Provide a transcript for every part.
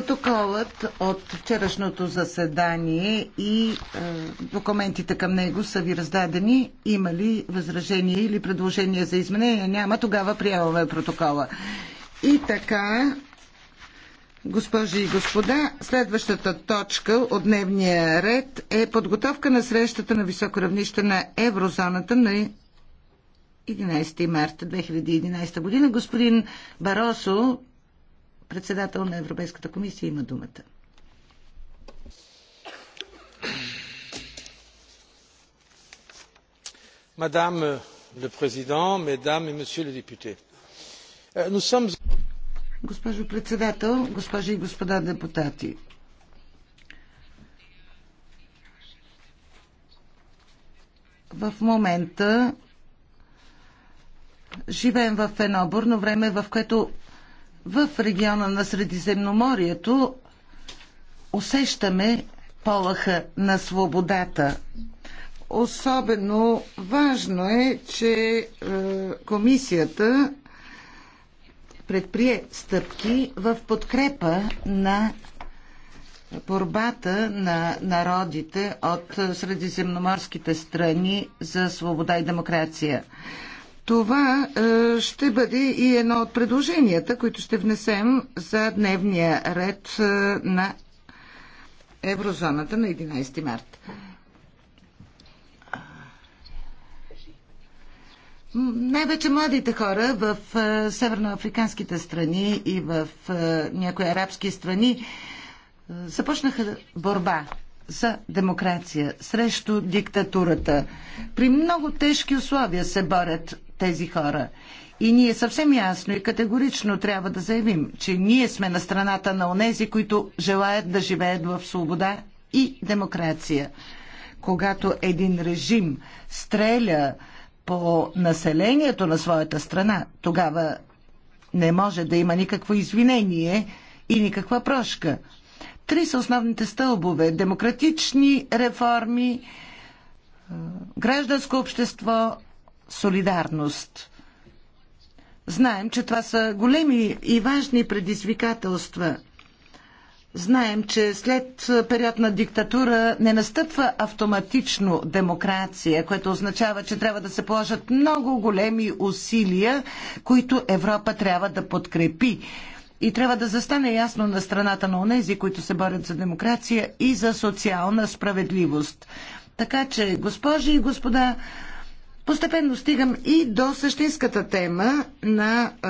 Протоколът от вчерашното заседание и е, документите към него са ви раздадени. Има ли възражение или предложение за изменение? Няма. Тогава приемаме протокола. И така, госпожи и господа, следващата точка от дневния ред е подготовка на срещата на високо равнище на еврозоната на 11 марта 2011 година. Господин Баросо председател на Европейската комисия, има думата. Мадам ле президент, медам и месье ле députés, е, Госпожо председател, госпожи и господа депутати, в момента живеем в едно бурно време, в което в региона на Средиземноморието усещаме полаха на свободата. Особено важно е, че е, комисията предприе стъпки в подкрепа на борбата на народите от средиземноморските страни за свобода и демокрация. Това е, ще бъде и едно от предложенията, които ще внесем за дневния ред е, на еврозоната на 11 март. Най-вече младите хора в е, северноафриканските страни и в някои арабски страни започнаха борба за демокрация, срещу диктатурата. При много тежки условия се борят тези хора. И ние съвсем ясно и категорично трябва да заявим, че ние сме на страната на онези, които желаят да живеят в свобода и демокрация. Когато един режим стреля по населението на своята страна, тогава не може да има никакво извинение и никаква прошка. Три са основните стълбове – демократични реформи, гражданско общество солидарност. Знаем, че това са големи и важни предизвикателства. Знаем, че след период на диктатура не настъпва автоматично демокрация, което означава, че трябва да се положат много големи усилия, които Европа трябва да подкрепи. И трябва да застане ясно на страната на онези, които се борят за демокрация и за социална справедливост. Така че, госпожи и господа, Постепенно стигам и до същинската тема на е,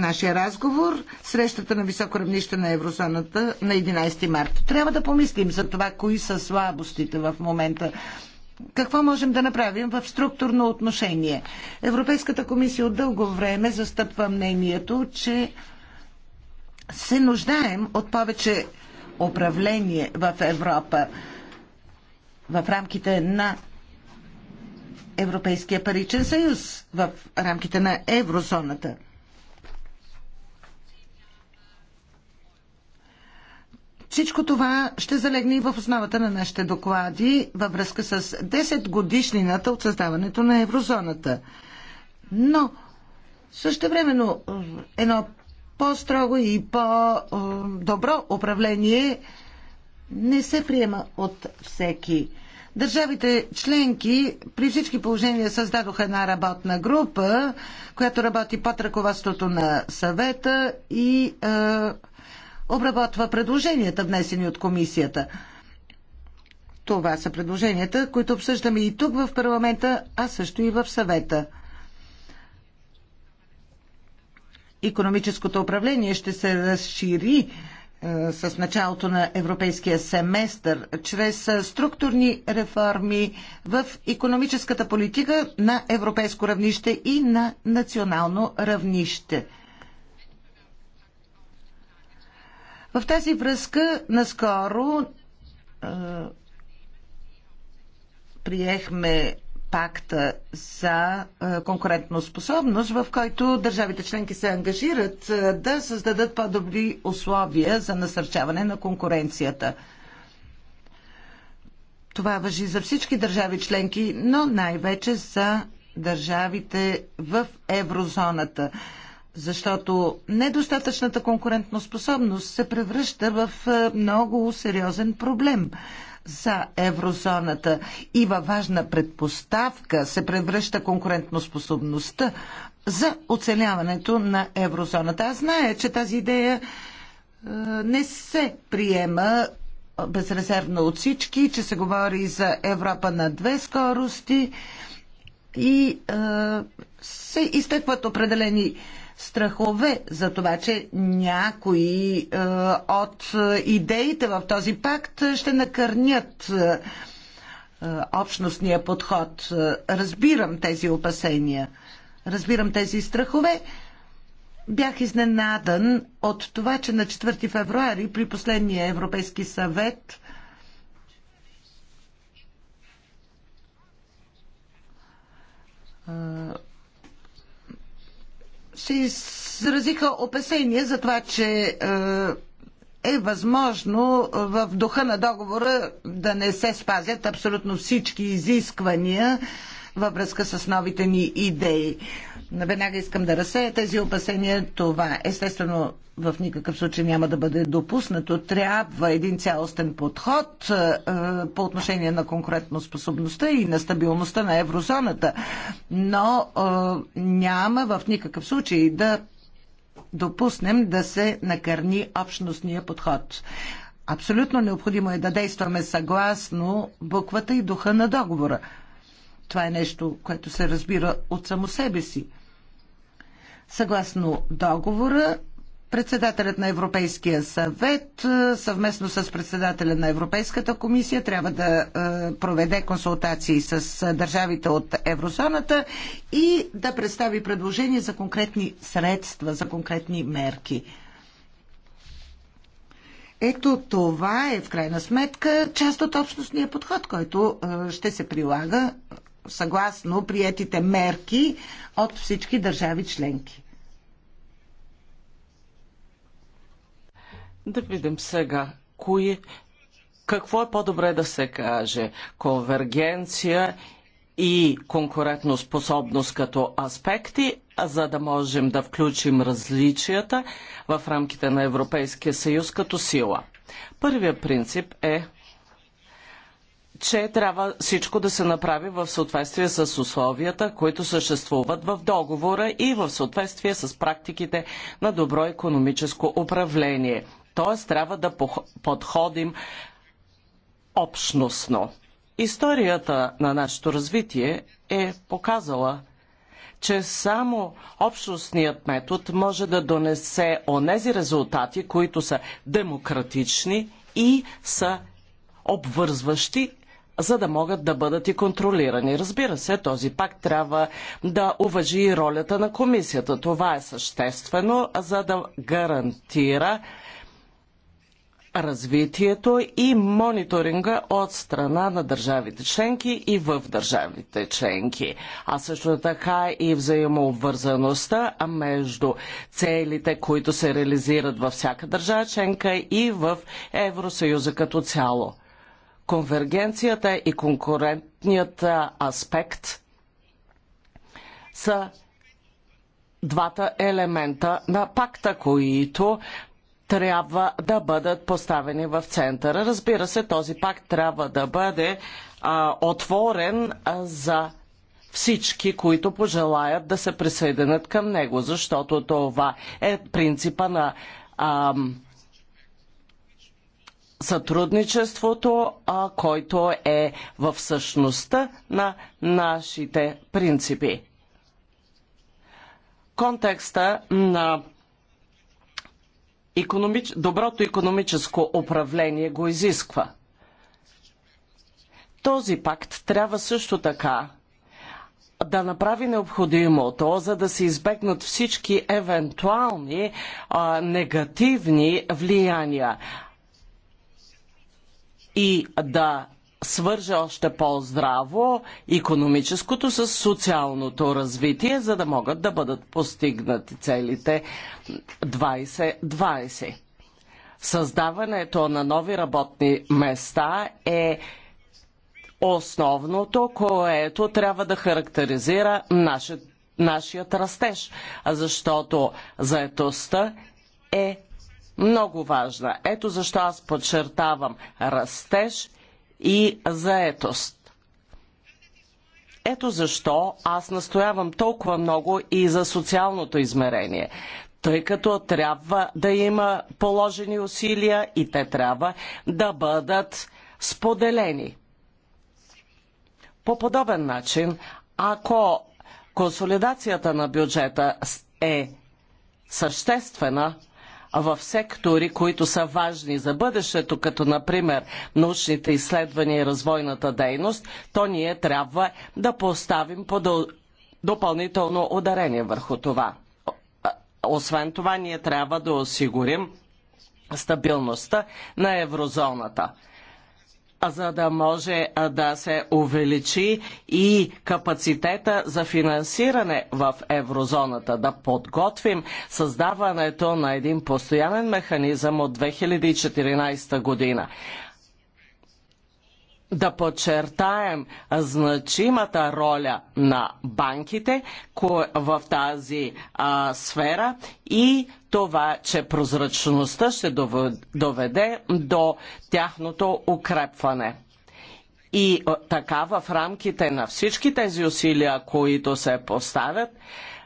нашия разговор, срещата на високо равнище на еврозоната на 11 марта. Трябва да помислим за това, кои са слабостите в момента. Какво можем да направим в структурно отношение? Европейската комисия от дълго време застъпва мнението, че се нуждаем от повече управление в Европа в рамките на Европейския паричен съюз в рамките на еврозоната. Всичко това ще залегне и в основата на нашите доклади във връзка с 10 годишнината от създаването на еврозоната. Но също времено е, едно по-строго и по-добро е, управление не се приема от всеки. Държавите членки при всички положения създадоха една работна група, която работи под ръководството на съвета и е, обработва предложенията, внесени от комисията. Това са предложенията, които обсъждаме и тук в парламента, а също и в съвета. Економическото управление ще се разшири е, с началото на европейския семестър, чрез е, структурни реформи в економическата политика на европейско равнище и на национално равнище. В тази връзка наскоро е, приехме пакта за е, конкурентноспособност, в който държавите членки се ангажират е, да създадат по-добри условия за насърчаване на конкуренцията. Това въжи за всички държави членки, но най-вече за държавите в еврозоната, защото недостатъчната конкурентноспособност се превръща в е, много сериозен проблем за еврозоната и във важна предпоставка се превръща конкурентноспособността за оцеляването на еврозоната. Аз знае, че тази идея е, не се приема безрезервно от всички, че се говори за Европа на две скорости и е, се изтъкват определени страхове за това, че някои е, от идеите в този пакт ще накърнят е, е, общностния подход. Разбирам тези опасения, разбирам тези страхове. Бях изненадан от това, че на 4 февруари при последния Европейски съвет е, се изразиха опасения за това, че е, е възможно в духа на договора да не се спазят абсолютно всички изисквания във връзка с новите ни идеи. Веднага искам да разсея тези опасения. Това естествено в никакъв случай няма да бъде допуснато. Трябва един цялостен подход е, по отношение на конкурентоспособността и на стабилността на еврозоната. Но е, няма в никакъв случай да допуснем да се накърни общностния подход. Абсолютно необходимо е да действаме съгласно буквата и духа на договора. Това е нещо, което се разбира от само себе си. Съгласно договора, председателят на Европейския съвет е, съвместно с председателя на Европейската комисия трябва да е, проведе консултации с е, държавите от еврозоната и да представи предложения за конкретни средства, за конкретни мерки. Ето това е в крайна сметка част от общностния подход, който ще се прилага съгласно приетите мерки от всички държави членки. Да видим сега кои, какво е по-добре да се каже. Конвергенция и конкурентоспособност като аспекти, за да можем да включим различията в рамките на Европейския съюз като сила. Първият принцип е че трябва всичко да се направи в съответствие с условията, които съществуват в договора и в съответствие с практиките на добро економическо управление. Тоест трябва да подходим общностно. Историята на нашето развитие е показала, че само общностният метод може да донесе онези резултати, които са демократични и са обвързващи за да могат да бъдат и контролирани. Разбира се, този пакт трябва да уважи и ролята на комисията. Това е съществено, за да гарантира развитието и мониторинга от страна на държавите членки и в държавите членки. А също така и взаимообвързаността между целите, които се реализират във всяка държава членка и в Евросъюза като цяло конвергенцията и конкурентният аспект са двата елемента на пакта, които трябва да бъдат поставени в центъра. Разбира се, този пакт трябва да бъде а, отворен а, за всички, които пожелаят да се присъединят към него, защото това е принципа на А, сътрудничеството, а който е в същността на нашите принципи. Контекста на економич... доброто економическо управление го изисква. Този пакт трябва също така да направи необходимото, за да се избегнат всички евентуални а, негативни влияния и да свърже още по-здраво економическото с социалното развитие, за да могат да бъдат постигнати целите 2020. Създаването на нови работни места е основното, което трябва да характеризира нашият, нашият растеж, защото заетостта е много важна. Ето защо аз подчертавам растеж и заетост. Ето защо аз настоявам толкова много и за социалното измерение, тъй като трябва да има положени усилия и те трябва да бъдат споделени. По подобен начин, ако консолидацията на бюджета е съществена, в сектори, които са важни за бъдещето, като например научните изследвания и развойната дейност, то ние трябва да поставим подъл... допълнително ударение върху това. Освен това, ние трябва да осигурим стабилността на еврозоната за да може да се увеличи и капацитета за финансиране в еврозоната, да подготвим създаването на един постоянен механизъм от 2014 година да подчертаем значимата роля на банките в тази а, сфера и това, че прозрачността ще доведе до тяхното укрепване. И така в рамките на всички тези усилия, които се поставят,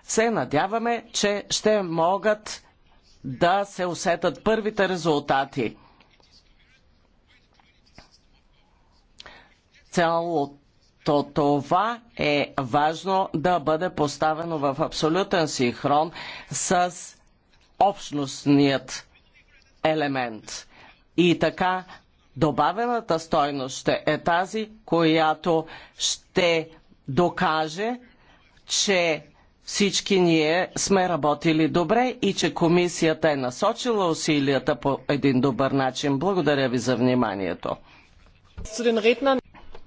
се надяваме, че ще могат да се усетат първите резултати – цялото това е важно да бъде поставено в абсолютен синхрон с общностният елемент. И така добавената стойност ще е тази, която ще докаже, че всички ние сме работили добре и че комисията е насочила усилията по един добър начин. Благодаря ви за вниманието.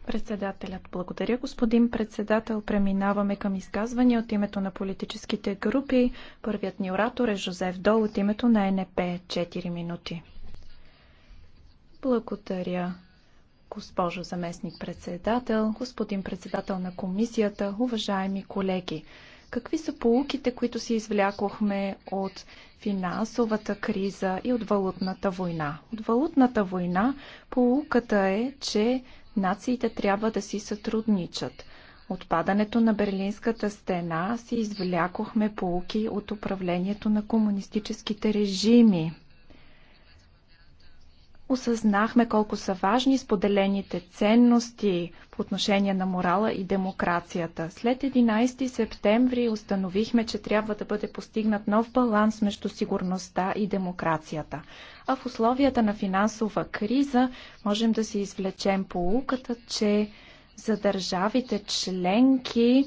Председателят. Благодаря, господин председател. Преминаваме към изказвания от името на политическите групи. Първият ни оратор е Жозеф Дол от името на НП. 4 минути. Благодаря, госпожо заместник председател, господин председател на комисията, уважаеми колеги. Какви са полуките, които си извлякохме от финансовата криза и от валутната война? От валутната война полуката е, че Нациите трябва да си сътрудничат. Отпадането на Берлинската стена си извлякохме полуки от управлението на комунистическите режими осъзнахме колко са важни споделените ценности по отношение на морала и демокрацията. След 11 септември установихме, че трябва да бъде постигнат нов баланс между сигурността и демокрацията. А в условията на финансова криза можем да си извлечем полуката, че за държавите членки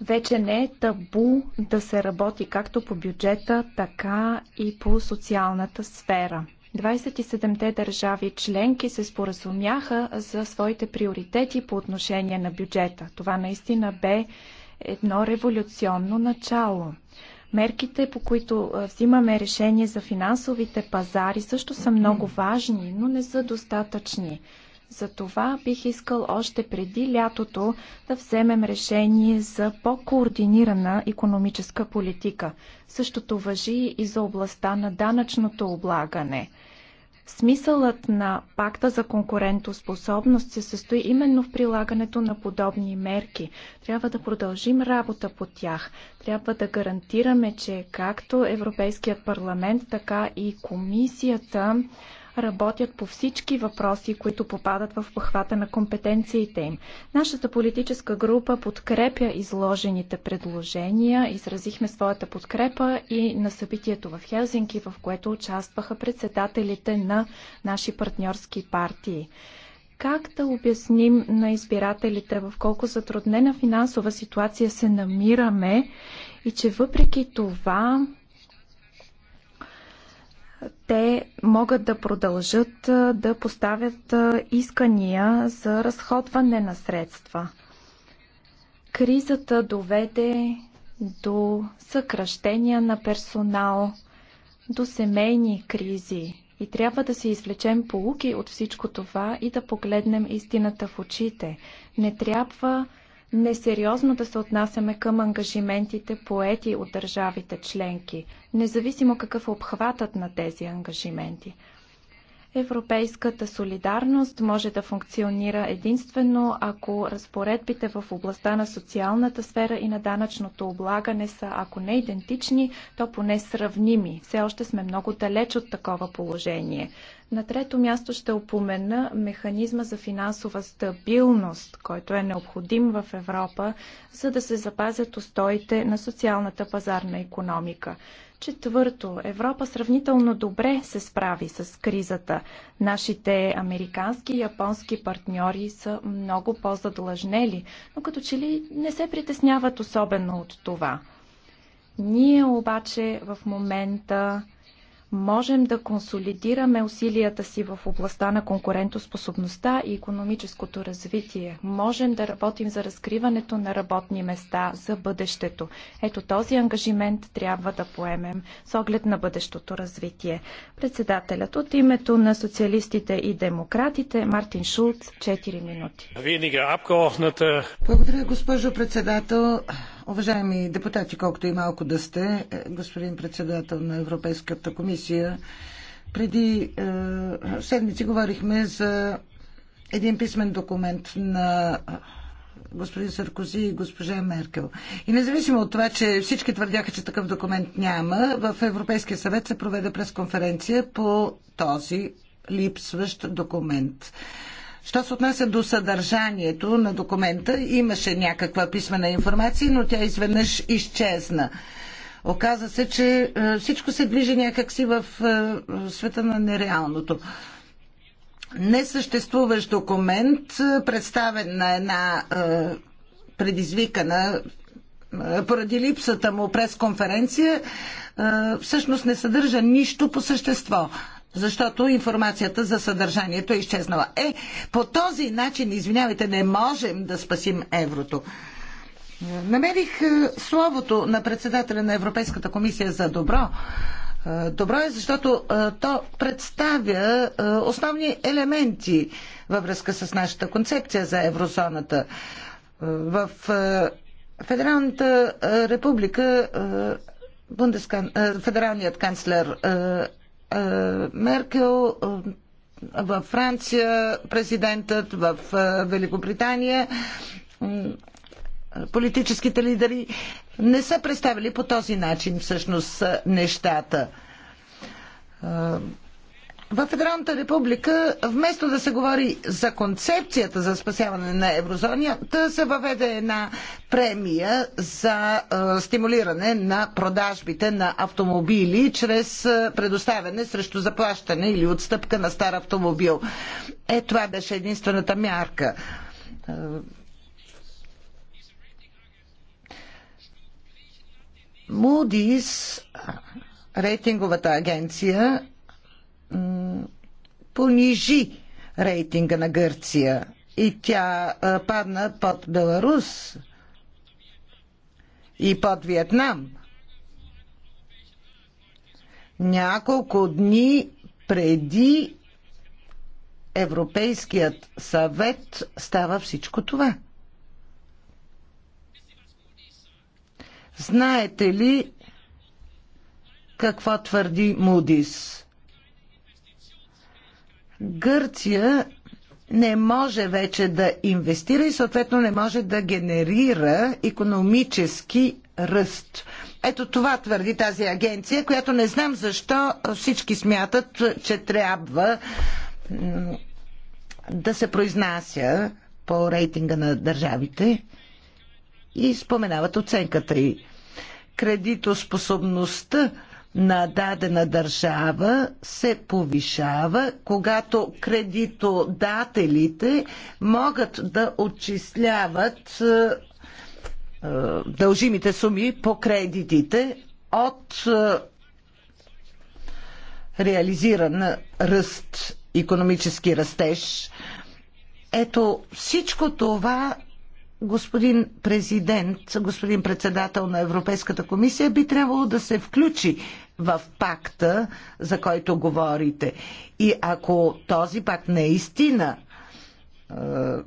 вече не е табу да се работи както по бюджета, така и по социалната сфера. 27-те държави членки се споразумяха за своите приоритети по отношение на бюджета. Това наистина бе едно революционно начало. Мерките, по които взимаме решение за финансовите пазари, също са много важни, но не са достатъчни. Затова бих искал още преди лятото да вземем решение за по-координирана економическа политика. Същото въжи и за областта на данъчното облагане – Смисълът на пакта за конкурентоспособност се състои именно в прилагането на подобни мерки. Трябва да продължим работа по тях. Трябва да гарантираме, че както Европейският парламент, така и комисията работят по всички въпроси, които попадат в похвата на компетенциите им. Нашата политическа група подкрепя изложените предложения, изразихме своята подкрепа и на събитието в Хелзинки, в което участваха председателите на наши партньорски партии как да обясним на избирателите в колко затруднена финансова ситуация се намираме и че въпреки това те могат да продължат да поставят искания за разходване на средства. Кризата доведе до съкръщения на персонал, до семейни кризи. И трябва да се извлечем полуки от всичко това и да погледнем истината в очите. Не трябва несериозно да се отнасяме към ангажиментите поети от държавите членки, независимо какъв е обхватът на тези ангажименти. Европейската солидарност може да функционира единствено, ако разпоредбите в областта на социалната сфера и на данъчното облагане са, ако не идентични, то поне сравними. Все още сме много далеч от такова положение. На трето място ще опомена механизма за финансова стабилност, който е необходим в Европа, за да се запазят устоите на социалната пазарна економика. Четвърто, Европа сравнително добре се справи с кризата. Нашите американски и японски партньори са много по-задлъжнели, но като че ли не се притесняват особено от това. Ние обаче в момента можем да консолидираме усилията си в областта на конкурентоспособността и економическото развитие. Можем да работим за разкриването на работни места за бъдещето. Ето този ангажимент трябва да поемем с оглед на бъдещото развитие. Председателят от името на социалистите и демократите Мартин Шулц, 4 минути. Е Благодаря, госпожо председател. Уважаеми депутати, колкото и малко да сте, е, господин председател на Европейската комисия, преди е, седмици говорихме за един писмен документ на е, господин Саркози и госпожа Меркел. И независимо от това, че всички твърдяха, че такъв документ няма, в Европейския съвет се проведе пресконференция по този липсващ документ. Що се отнася до съдържанието на документа, имаше някаква писмена информация, но тя изведнъж изчезна. Оказа се, че е, всичко се движи някакси в е, света на нереалното несъществуващ документ, е, представен на една предизвикана поради липсата му през конференция, всъщност не съдържа нищо по същество защото информацията за съдържанието е изчезнала. Е, по този начин, извинявайте, не можем да спасим еврото. Намерих е, словото на председателя на Европейската комисия за добро. Е, добро е, защото е, то представя основни елементи във връзка с нашата концепция за еврозоната. В Федералната република федералният канцлер е, Меркел, е, във Франция президентът, в е, Великобритания политическите лидери не са представили по този начин всъщност нещата в Федералната република, вместо да се говори за концепцията за спасяване на еврозоната, се въведе една премия за е, стимулиране на продажбите на автомобили чрез е, предоставяне срещу заплащане или отстъпка на стар автомобил. Е, това беше единствената мярка. Е, Moody's, рейтинговата агенция, понижи рейтинга на Гърция и тя падна под Беларус и под Виетнам. Няколко дни преди Европейският съвет става всичко това. Знаете ли какво твърди Мудис? Гърция не може вече да инвестира и съответно не може да генерира економически ръст. Ето това твърди тази агенция, която не знам защо всички смятат, че трябва да се произнася по рейтинга на държавите и споменават оценката и Кредитоспособността на дадена държава се повишава, когато кредитодателите могат да отчисляват е, е, дължимите суми по кредитите от е, реализиран ръст, економически растеж. Ето всичко това господин президент, господин председател на Европейската комисия, би трябвало да се включи в пакта, за който говорите. И ако този пакт наистина е,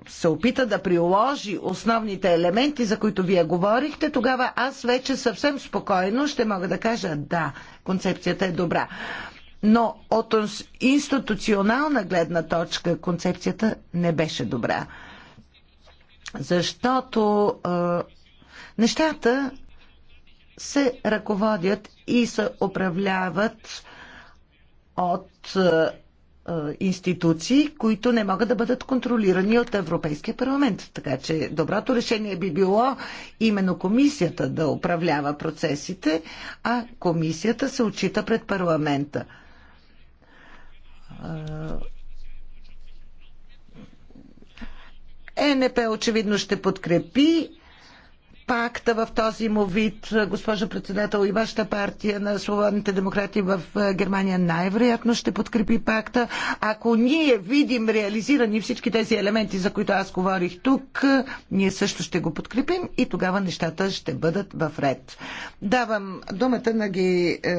се опита да приложи основните елементи, за които вие говорихте, тогава аз вече съвсем спокойно ще мога да кажа да, концепцията е добра. Но от институционална гледна точка концепцията не беше добра. Защото е, нещата се ръководят и се управляват от е, е, институции, които не могат да бъдат контролирани от Европейския парламент. Така че доброто решение би било именно комисията да управлява процесите, а комисията се отчита пред парламента. ЕНП очевидно ще подкрепи пакта в този му вид, госпожо председател, и вашата партия на свободните демократи в е, Германия най-вероятно ще подкрепи пакта. Ако ние видим реализирани всички тези елементи, за които аз говорих тук, е, ние също ще го подкрепим и тогава нещата ще бъдат в ред. Давам думата на ги е,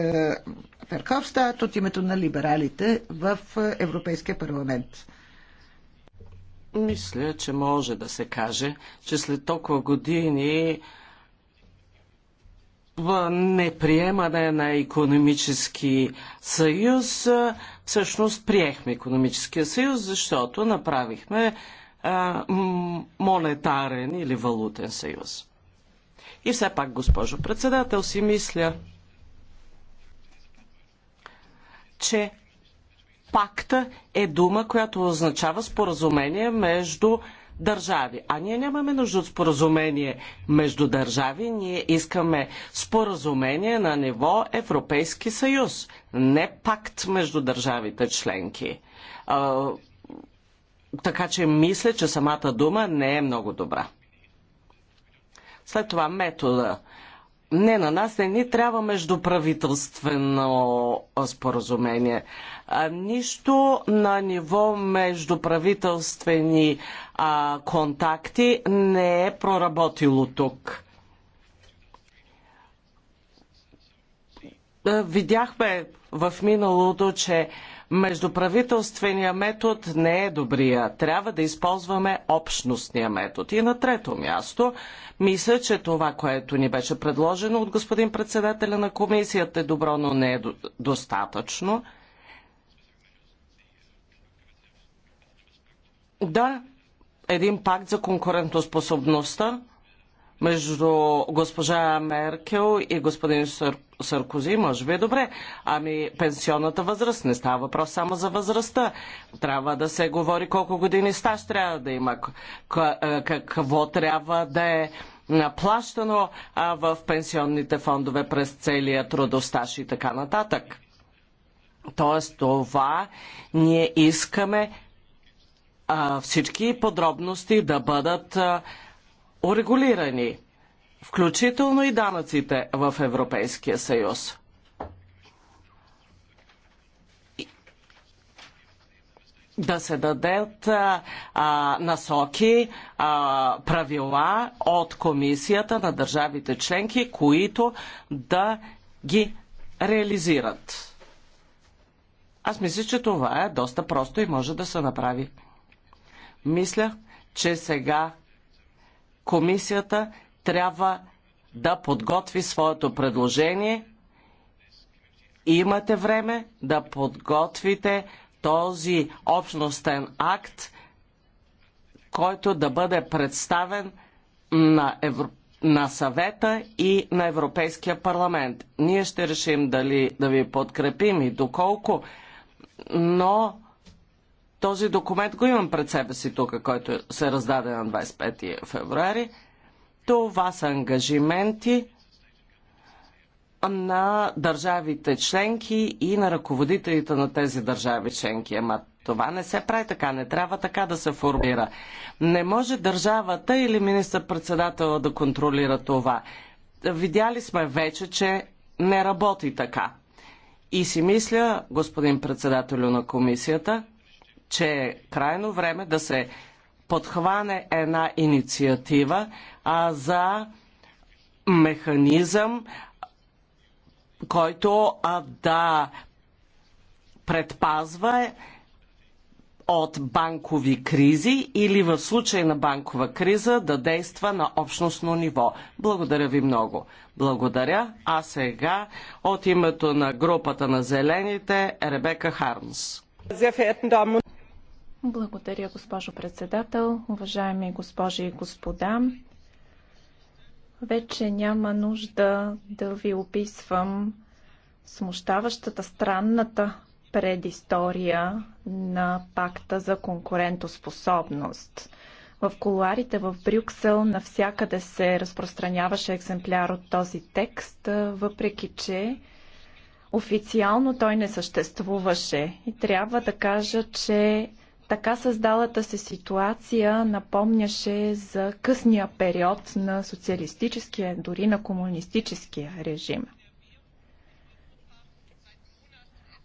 Ферховстат от името на либералите в е, Европейския парламент. Мисля, че може да се каже, че след толкова години неприемане на економически съюз, всъщност приехме економическия съюз, защото направихме а, монетарен или валутен съюз. И все пак, госпожо председател, си мисля, че Пакта е дума, която означава споразумение между държави. А ние нямаме нужда от споразумение между държави, ние искаме споразумение на ниво Европейски съюз, не пакт между държавите членки. А, така че мисля, че самата дума не е много добра. След това метода не, на нас не ни трябва междуправителствено споразумение. А, нищо на ниво междуправителствени а, контакти не е проработило тук. Видяхме в миналото, че Междуправителствения метод не е добрия. Трябва да използваме общностния метод. И на трето място, мисля, че това, което ни беше предложено от господин председателя на комисията е добро, но не е достатъчно. Да, един пакт за конкурентоспособността между госпожа Меркел и господин Сърко Саркози, може би е добре. Ами пенсионната възраст, не става въпрос само за възрастта. Трябва да се говори колко години стаж трябва да има, е, какво трябва да е наплащано в пенсионните фондове през целия трудостаж и така нататък. Тоест това ние искаме всички подробности да бъдат урегулирани включително и данъците в Европейския съюз. да се дадат а, насоки, а, правила от комисията на държавите членки, които да ги реализират. Аз мисля, че това е доста просто и може да се направи. Мисля, че сега комисията трябва да подготви своето предложение. Имате време да подготвите този общностен акт, който да бъде представен на, Евро... на съвета и на Европейския парламент. Ние ще решим дали да ви подкрепим и доколко, но този документ го имам пред себе си тук, който се раздаде на 25 февруари. Това са ангажименти на държавите членки и на ръководителите на тези държави членки. Ама това не се прави така, не трябва така да се формира. Не може държавата или министър председател да контролира това. Видяли сме вече, че не работи така. И си мисля, господин председателю на комисията, че е крайно време да се подхване една инициатива а за механизъм, който а, да предпазва от банкови кризи или в случай на банкова криза да действа на общностно ниво. Благодаря ви много. Благодаря. А сега от името на групата на зелените Ребека Хармс. Благодаря, госпожо председател. Уважаеми госпожи и господа, вече няма нужда да ви описвам смущаващата, странната предистория на пакта за конкурентоспособност. В колуарите в Брюксел навсякъде се разпространяваше екземпляр от този текст, въпреки че официално той не съществуваше. И трябва да кажа, че така създалата се ситуация напомняше за късния период на социалистическия, дори на комунистическия режим.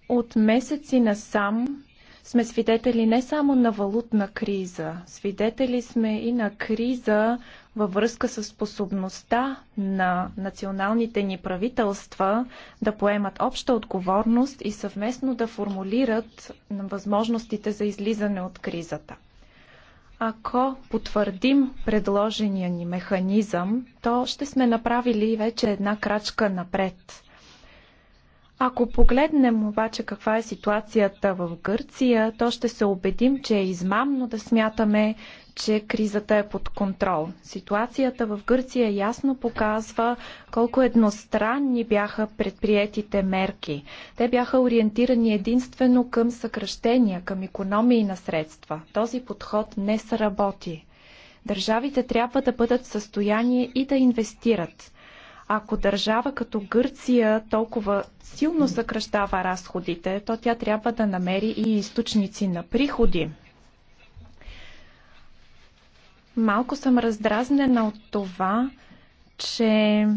От месеци насам сме свидетели не само на валутна криза, свидетели сме и на криза във връзка с способността на националните ни правителства да поемат обща отговорност и съвместно да формулират възможностите за излизане от кризата. Ако потвърдим предложения ни механизъм, то ще сме направили вече една крачка напред. Ако погледнем обаче каква е ситуацията в Гърция, то ще се убедим, че е измамно да смятаме, че кризата е под контрол. Ситуацията в Гърция ясно показва колко едностранни бяха предприетите мерки. Те бяха ориентирани единствено към съкръщения, към економии на средства. Този подход не сработи. Държавите трябва да бъдат в състояние и да инвестират. Ако държава като Гърция толкова силно съкръщава разходите, то тя трябва да намери и източници на приходи. Малко съм раздразнена от това, че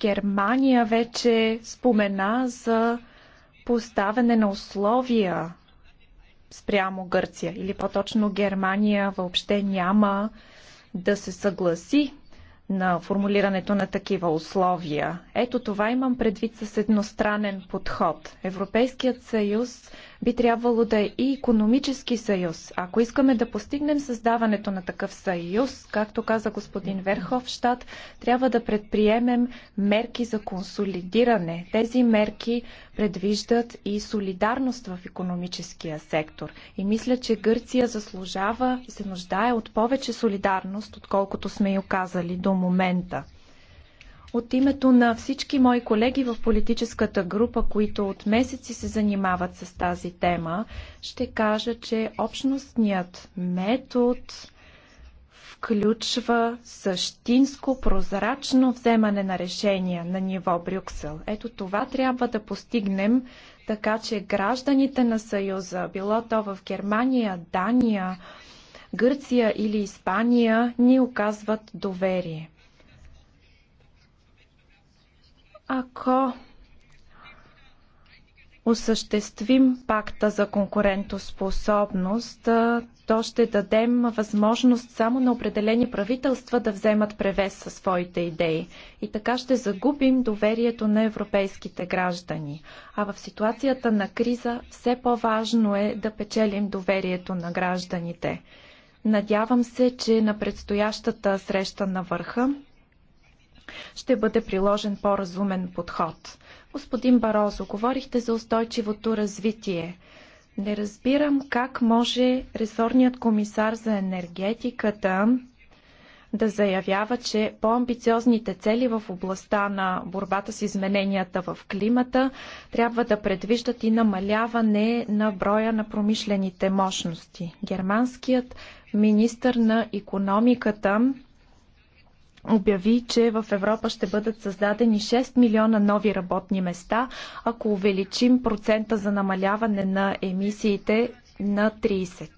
Германия вече спомена за поставяне на условия спрямо Гърция. Или по-точно Германия въобще няма да се съгласи на формулирането на такива условия. Ето това имам предвид с едностранен подход. Европейският съюз би трябвало да е и економически съюз. Ако искаме да постигнем създаването на такъв съюз, както каза господин Верховщад, трябва да предприемем мерки за консолидиране. Тези мерки предвиждат и солидарност в економическия сектор. И мисля, че Гърция заслужава и се нуждае от повече солидарност, отколкото сме и оказали до момента. От името на всички мои колеги в политическата група, които от месеци се занимават с тази тема, ще кажа, че общностният метод включва същинско, прозрачно вземане на решения на ниво Брюксел. Ето това трябва да постигнем, така че гражданите на Съюза, било то в Германия, Дания, Гърция или Испания, ни оказват доверие. Ако осъществим пакта за конкурентоспособност, то ще дадем възможност само на определени правителства да вземат превес със своите идеи. И така ще загубим доверието на европейските граждани. А в ситуацията на криза все по-важно е да печелим доверието на гражданите. Надявам се, че на предстоящата среща на върха ще бъде приложен по-разумен подход. Господин Барозо, говорихте за устойчивото развитие. Не разбирам как може ресорният комисар за енергетиката да заявява, че по-амбициозните цели в областта на борбата с измененията в климата трябва да предвиждат и намаляване на броя на промишлените мощности. Германският министр на економиката обяви, че в Европа ще бъдат създадени 6 милиона нови работни места, ако увеличим процента за намаляване на емисиите на 30.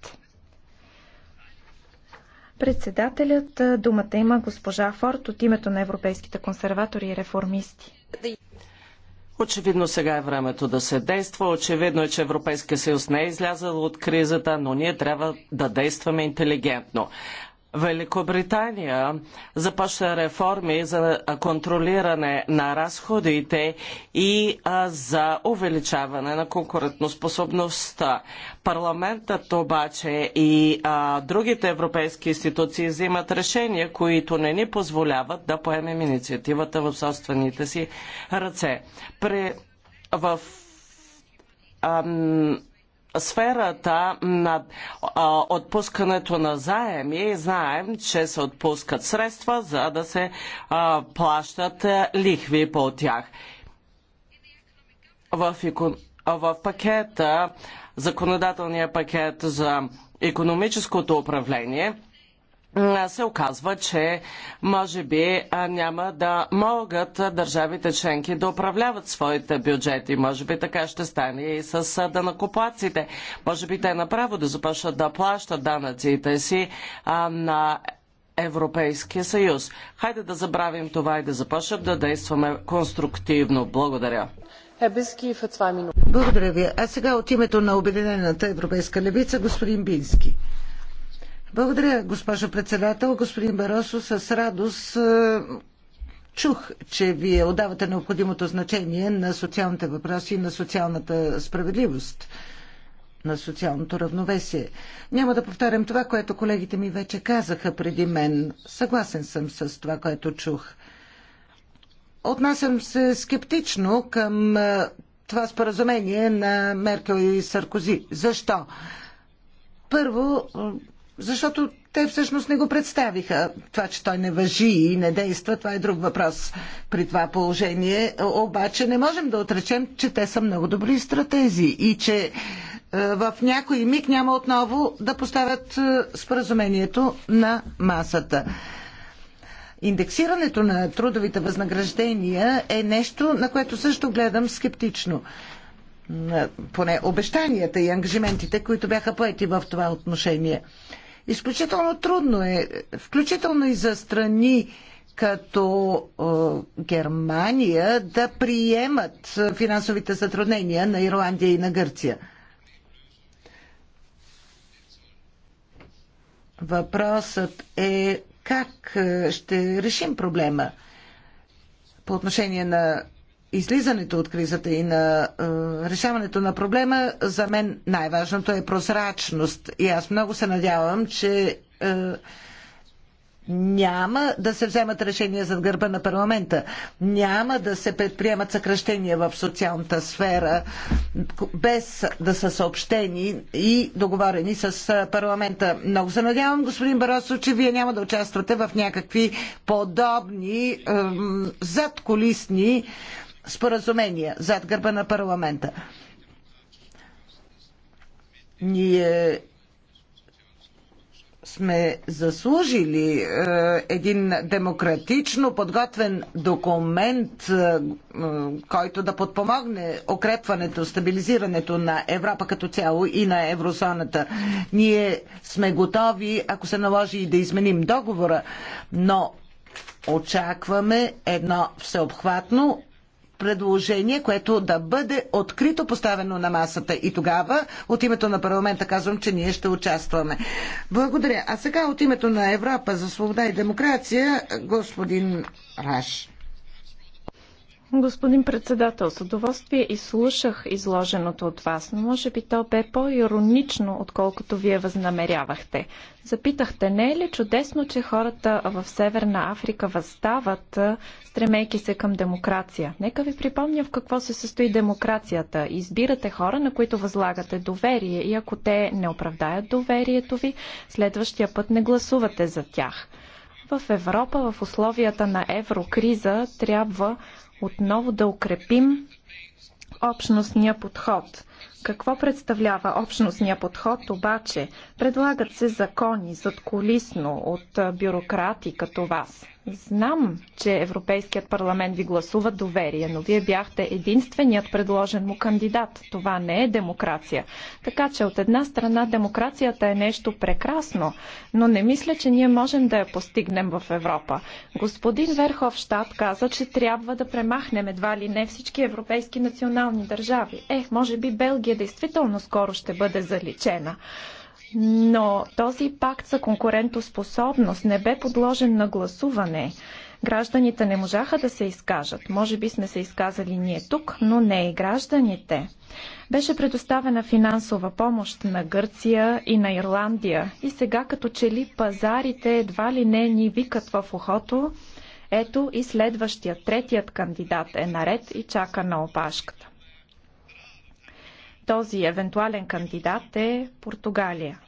Председателят думата има госпожа Форд от името на европейските консерватори и реформисти. Очевидно сега е времето да се действа. Очевидно е, че Европейския съюз не е излязъл от кризата, но ние трябва да действаме интелигентно. Великобритания започна реформи за контролиране на разходите и за увеличаване на конкурентоспособността. Парламентът обаче и а, другите европейски институции взимат решения, които не ни позволяват да поемем инициативата в собствените си ръце. При, в ам, сферата на а, отпускането на заеми знаем, че се отпускат средства, за да се а, плащат лихви по тях. В, в пакета, законодателния пакет за економическото управление, се оказва, че може би няма да могат държавите членки да управляват своите бюджети. Може би така ще стане и с данакоплаците. Може би те направо да започнат да плащат данъците си на Европейския съюз. Хайде да забравим това и да започнем да действаме конструктивно. Благодаря. Благодаря ви. А сега от името на Обединената европейска левица господин Бински. Благодаря, госпожо председател. Господин Баросо, с радост е, чух, че вие отдавате необходимото значение на социалните въпроси и на социалната справедливост, на социалното равновесие. Няма да повтарям това, което колегите ми вече казаха преди мен. Съгласен съм с това, което чух. Отнасям се скептично към е, това споразумение на Меркел и Саркози. Защо? Първо, защото те всъщност не го представиха. Това, че той не въжи и не действа, това е друг въпрос при това положение. Обаче не можем да отречем, че те са много добри стратези и че е, в някой миг няма отново да поставят е, споразумението на масата. Индексирането на трудовите възнаграждения е нещо, на което също гледам скептично. Е, поне обещанията и ангажиментите, които бяха поети в това отношение. Изключително трудно е, включително и за страни като е, Германия, да приемат финансовите затруднения на Ирландия и на Гърция. Въпросът е как е, ще решим проблема по отношение на излизането от кризата и на е, решаването на проблема, за мен най-важното е прозрачност. И аз много се надявам, че е, няма да се вземат решения зад гърба на парламента. Няма да се предприемат съкръщения в социалната сфера, без да са съобщени и договорени с е, парламента. Много се надявам, господин Баросо, че вие няма да участвате в някакви подобни зад задколисни споразумения зад гърба на парламента. Ние сме заслужили е, един демократично подготвен документ, е, който да подпомогне укрепването, стабилизирането на Европа като цяло и на еврозоната. Ние сме готови, ако се наложи и да изменим договора, но очакваме едно всеобхватно предложение, което да бъде открито поставено на масата. И тогава от името на парламента казвам, че ние ще участваме. Благодаря. А сега от името на Европа за свобода и демокрация, господин Раш. Господин председател, с удоволствие изслушах изложеното от вас, но може би то бе по-иронично, отколкото вие възнамерявахте. Запитахте, не е ли чудесно, че хората в Северна Африка възстават, стремейки се към демокрация? Нека ви припомня в какво се състои демокрацията. Избирате хора, на които възлагате доверие и ако те не оправдаят доверието ви, следващия път не гласувате за тях. В Европа, в условията на еврокриза, трябва отново да укрепим общностния подход. Какво представлява общностния подход обаче? Предлагат се закони зад колисно от бюрократи като вас. Знам, че Европейският парламент ви гласува доверие, но вие бяхте единственият предложен му кандидат. Това не е демокрация. Така че от една страна демокрацията е нещо прекрасно, но не мисля, че ние можем да я постигнем в Европа. Господин Верховщад каза, че трябва да премахнем едва ли не всички европейски национални държави. Ех, може би Белгия действително скоро ще бъде заличена. Но този пакт за конкурентоспособност не бе подложен на гласуване. Гражданите не можаха да се изкажат. Може би сме се изказали ние тук, но не и гражданите. Беше предоставена финансова помощ на Гърция и на Ирландия. И сега като че ли пазарите едва ли не ни викат в ухото, ето и следващия, третият кандидат е наред и чака на опашката този евентуален кандидат е Португалия.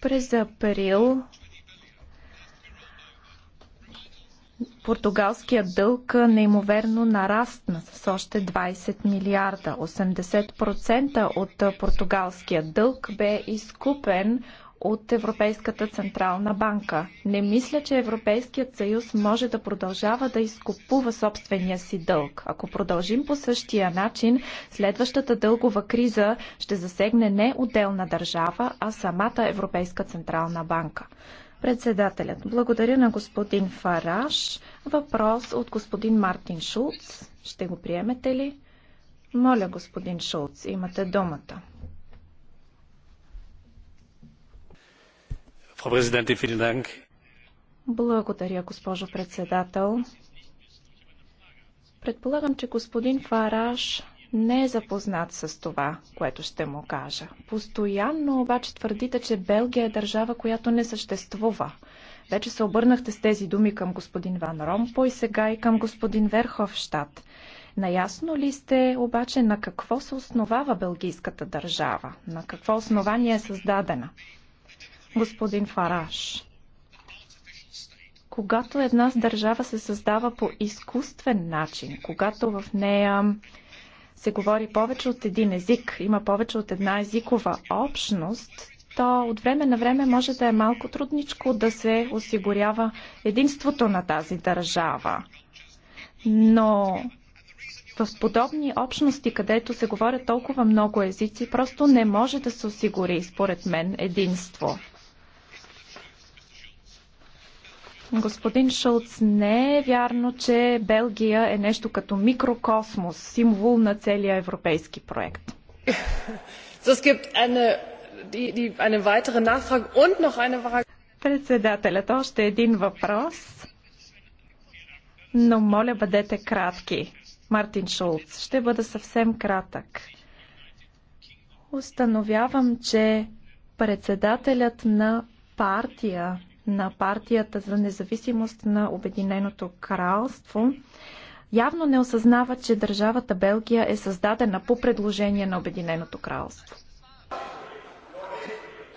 През април португалският дълг неимоверно нарасна с още 20 милиарда. 80% от португалския дълг бе изкупен от Европейската централна банка. Не мисля, че Европейският съюз може да продължава да изкупува собствения си дълг. Ако продължим по същия начин, следващата дългова криза ще засегне не отделна държава, а самата Европейска централна банка. Председателят, благодаря на господин Фараш. Въпрос от господин Мартин Шулц. Ще го приемете ли? Моля, господин Шулц, имате думата. Благодаря, госпожо председател. Предполагам, че господин Фараш не е запознат с това, което ще му кажа. Постоянно обаче твърдите, че Белгия е държава, която не съществува. Вече се обърнахте с тези думи към господин Ван Ромпо и сега и към господин Верховщад. Наясно ли сте обаче на какво се основава белгийската държава? На какво основание е създадена? господин Фараш. Когато една държава се създава по изкуствен начин, когато в нея се говори повече от един език, има повече от една езикова общност, то от време на време може да е малко трудничко да се осигурява единството на тази държава. Но в подобни общности, където се говорят толкова много езици, просто не може да се осигури, според мен, единство. Господин Шулц, не е вярно, че Белгия е нещо като микрокосмос, символ на целия европейски проект. Председателят, още един въпрос, но моля бъдете кратки. Мартин Шулц, ще бъда съвсем кратък. Установявам, че председателят на партия на партията за независимост на Обединеното кралство, явно не осъзнава, че държавата Белгия е създадена по предложение на Обединеното кралство.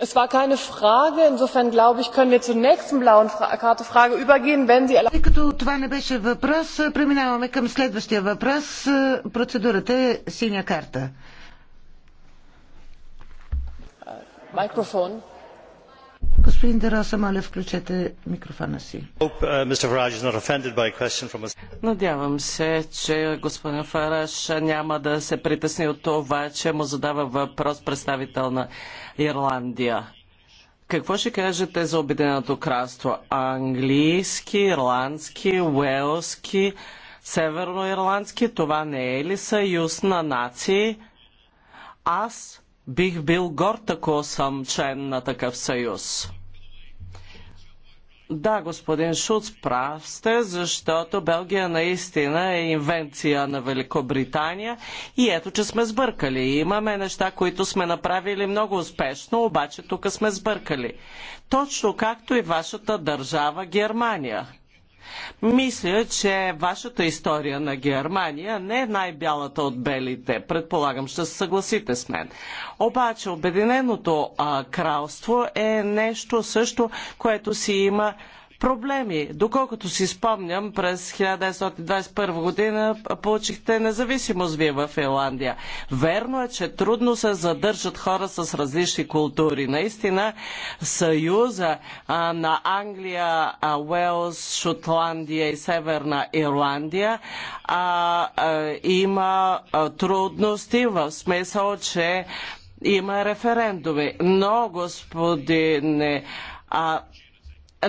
Es war keine Frage. Insofern glaube ich, können wir zur nächsten blauen Karte Frage übergehen, wenn Sie Тъй като това не беше въпрос, преминаваме към следващия въпрос. Процедурата е синя карта. Микрофон. Господин Дероса, моля, включете микрофона си. Uh, Надявам се, че господин Фараш няма да се притесни от това, че му задава въпрос представител на Ирландия. Какво ще кажете за Обединеното кралство? Английски, ирландски, уелски, северноирландски, това не е ли съюз на нации? Аз Бих бил горд, ако съм член на такъв съюз. Да, господин Шуц, прав сте, защото Белгия наистина е инвенция на Великобритания и ето, че сме сбъркали. Имаме неща, които сме направили много успешно, обаче тук сме сбъркали. Точно както и вашата държава Германия – мисля, че вашата история на Германия не е най-бялата от белите. Предполагам, ще се съгласите с мен. Обаче Обединеното а, кралство е нещо също, което си има проблеми. Доколкото си спомням, през 1921 година получихте независимост вие в Ирландия. Верно е, че трудно се задържат хора с различни култури. Наистина, съюза а, на Англия, а, Уелс, Шотландия и Северна Ирландия а, а, има а, трудности в смисъл, че има референдуми. Но, господине, а,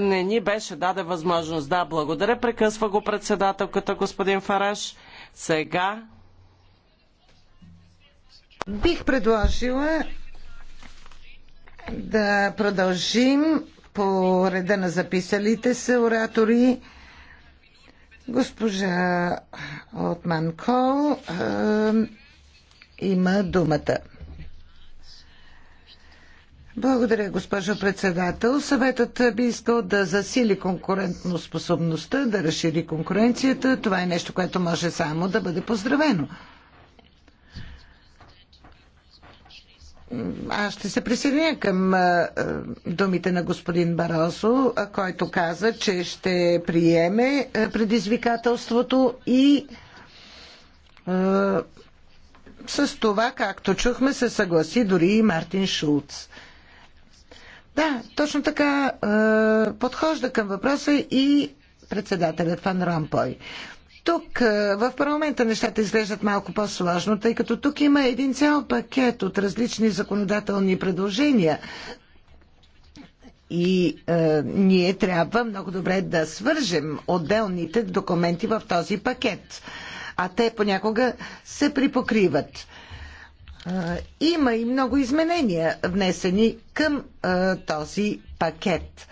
не ни беше даде възможност. Да, благодаря. Прекъсва го председателката господин Фараш. Сега. Бих предложила да продължим по реда на записалите се оратори. Госпожа Отман Кол е, има думата. Благодаря, госпожо председател. Съветът би искал да засили конкурентоспособността, да разшири конкуренцията. Това е нещо, което може само да бъде поздравено. Аз ще се присъединя към думите на господин Баросо, който каза, че ще приеме предизвикателството и с това, както чухме, се съгласи дори и Мартин Шулц. Да, точно така е, подхожда към въпроса и председателят Ван Ромпой. Тук е, в парламента нещата изглеждат малко по-сложно, тъй като тук има един цял пакет от различни законодателни предложения. И е, ние трябва много добре да свържем отделните документи в този пакет. А те понякога се припокриват. Има и много изменения внесени към този пакет.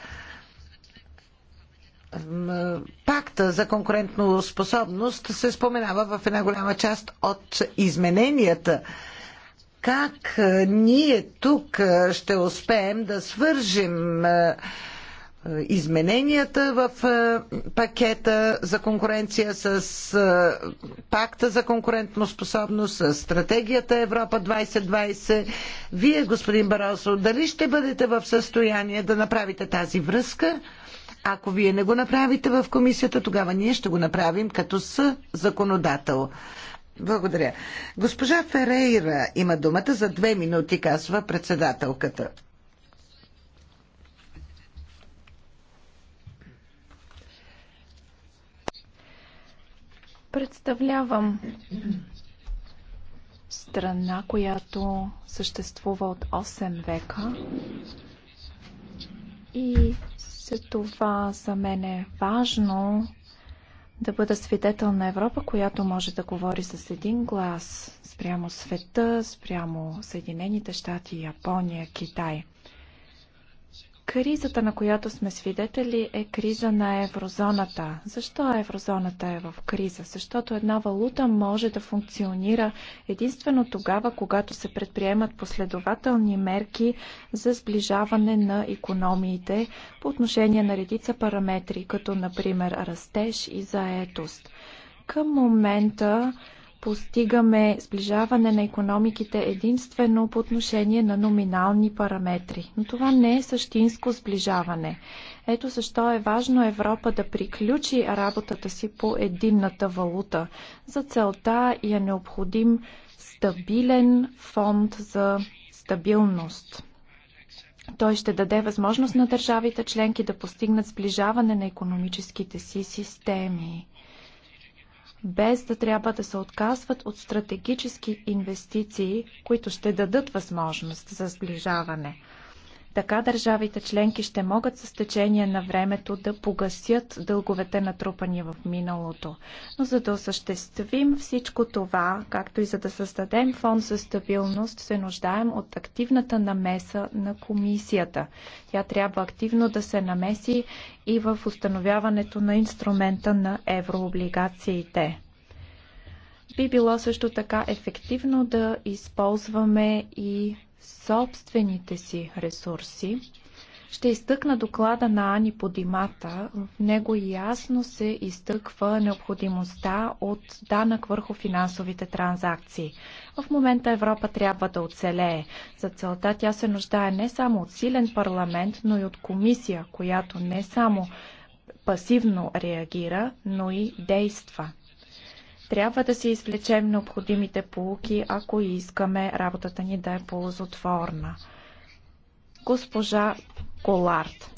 Пакта за конкурентно способност се споменава в една голяма част от измененията как ние тук ще успеем да свържим. Е, измененията в е, пакета за конкуренция с е, пакта за конкурентноспособност, с стратегията Европа 2020. Вие, господин Баросо, дали ще бъдете в състояние да направите тази връзка? Ако вие не го направите в комисията, тогава ние ще го направим като с законодател. Благодаря. Госпожа Ферейра има думата за две минути, казва председателката. Представлявам страна, която съществува от 8 века и за това за мен е важно да бъда свидетел на Европа, която може да говори с един глас спрямо света, спрямо Съединените щати, Япония, Китай – Кризата, на която сме свидетели, е криза на еврозоната. Защо еврозоната е в криза? Защото една валута може да функционира единствено тогава, когато се предприемат последователни мерки за сближаване на економиите по отношение на редица параметри, като например растеж и заетост. Към момента постигаме сближаване на економиките единствено по отношение на номинални параметри. Но това не е същинско сближаване. Ето защо е важно Европа да приключи работата си по единната валута. За целта е необходим стабилен фонд за стабилност. Той ще даде възможност на държавите членки да постигнат сближаване на економическите си системи без да трябва да се отказват от стратегически инвестиции, които ще дадат възможност за сближаване. Така държавите членки ще могат с течение на времето да погасят дълговете натрупани в миналото. Но за да осъществим всичко това, както и за да създадем фонд за стабилност, се нуждаем от активната намеса на комисията. Тя трябва активно да се намеси и в установяването на инструмента на еврооблигациите. Би било също така ефективно да използваме и собствените си ресурси. Ще изтъкна доклада на Ани Подимата. В него ясно се изтъква необходимостта от данък върху финансовите транзакции. В момента Европа трябва да оцелее. За целта тя се нуждае не само от силен парламент, но и от комисия, която не само пасивно реагира, но и действа. Трябва да си извлечем необходимите полуки, ако искаме работата ни да е ползотворна. Госпожа Колард.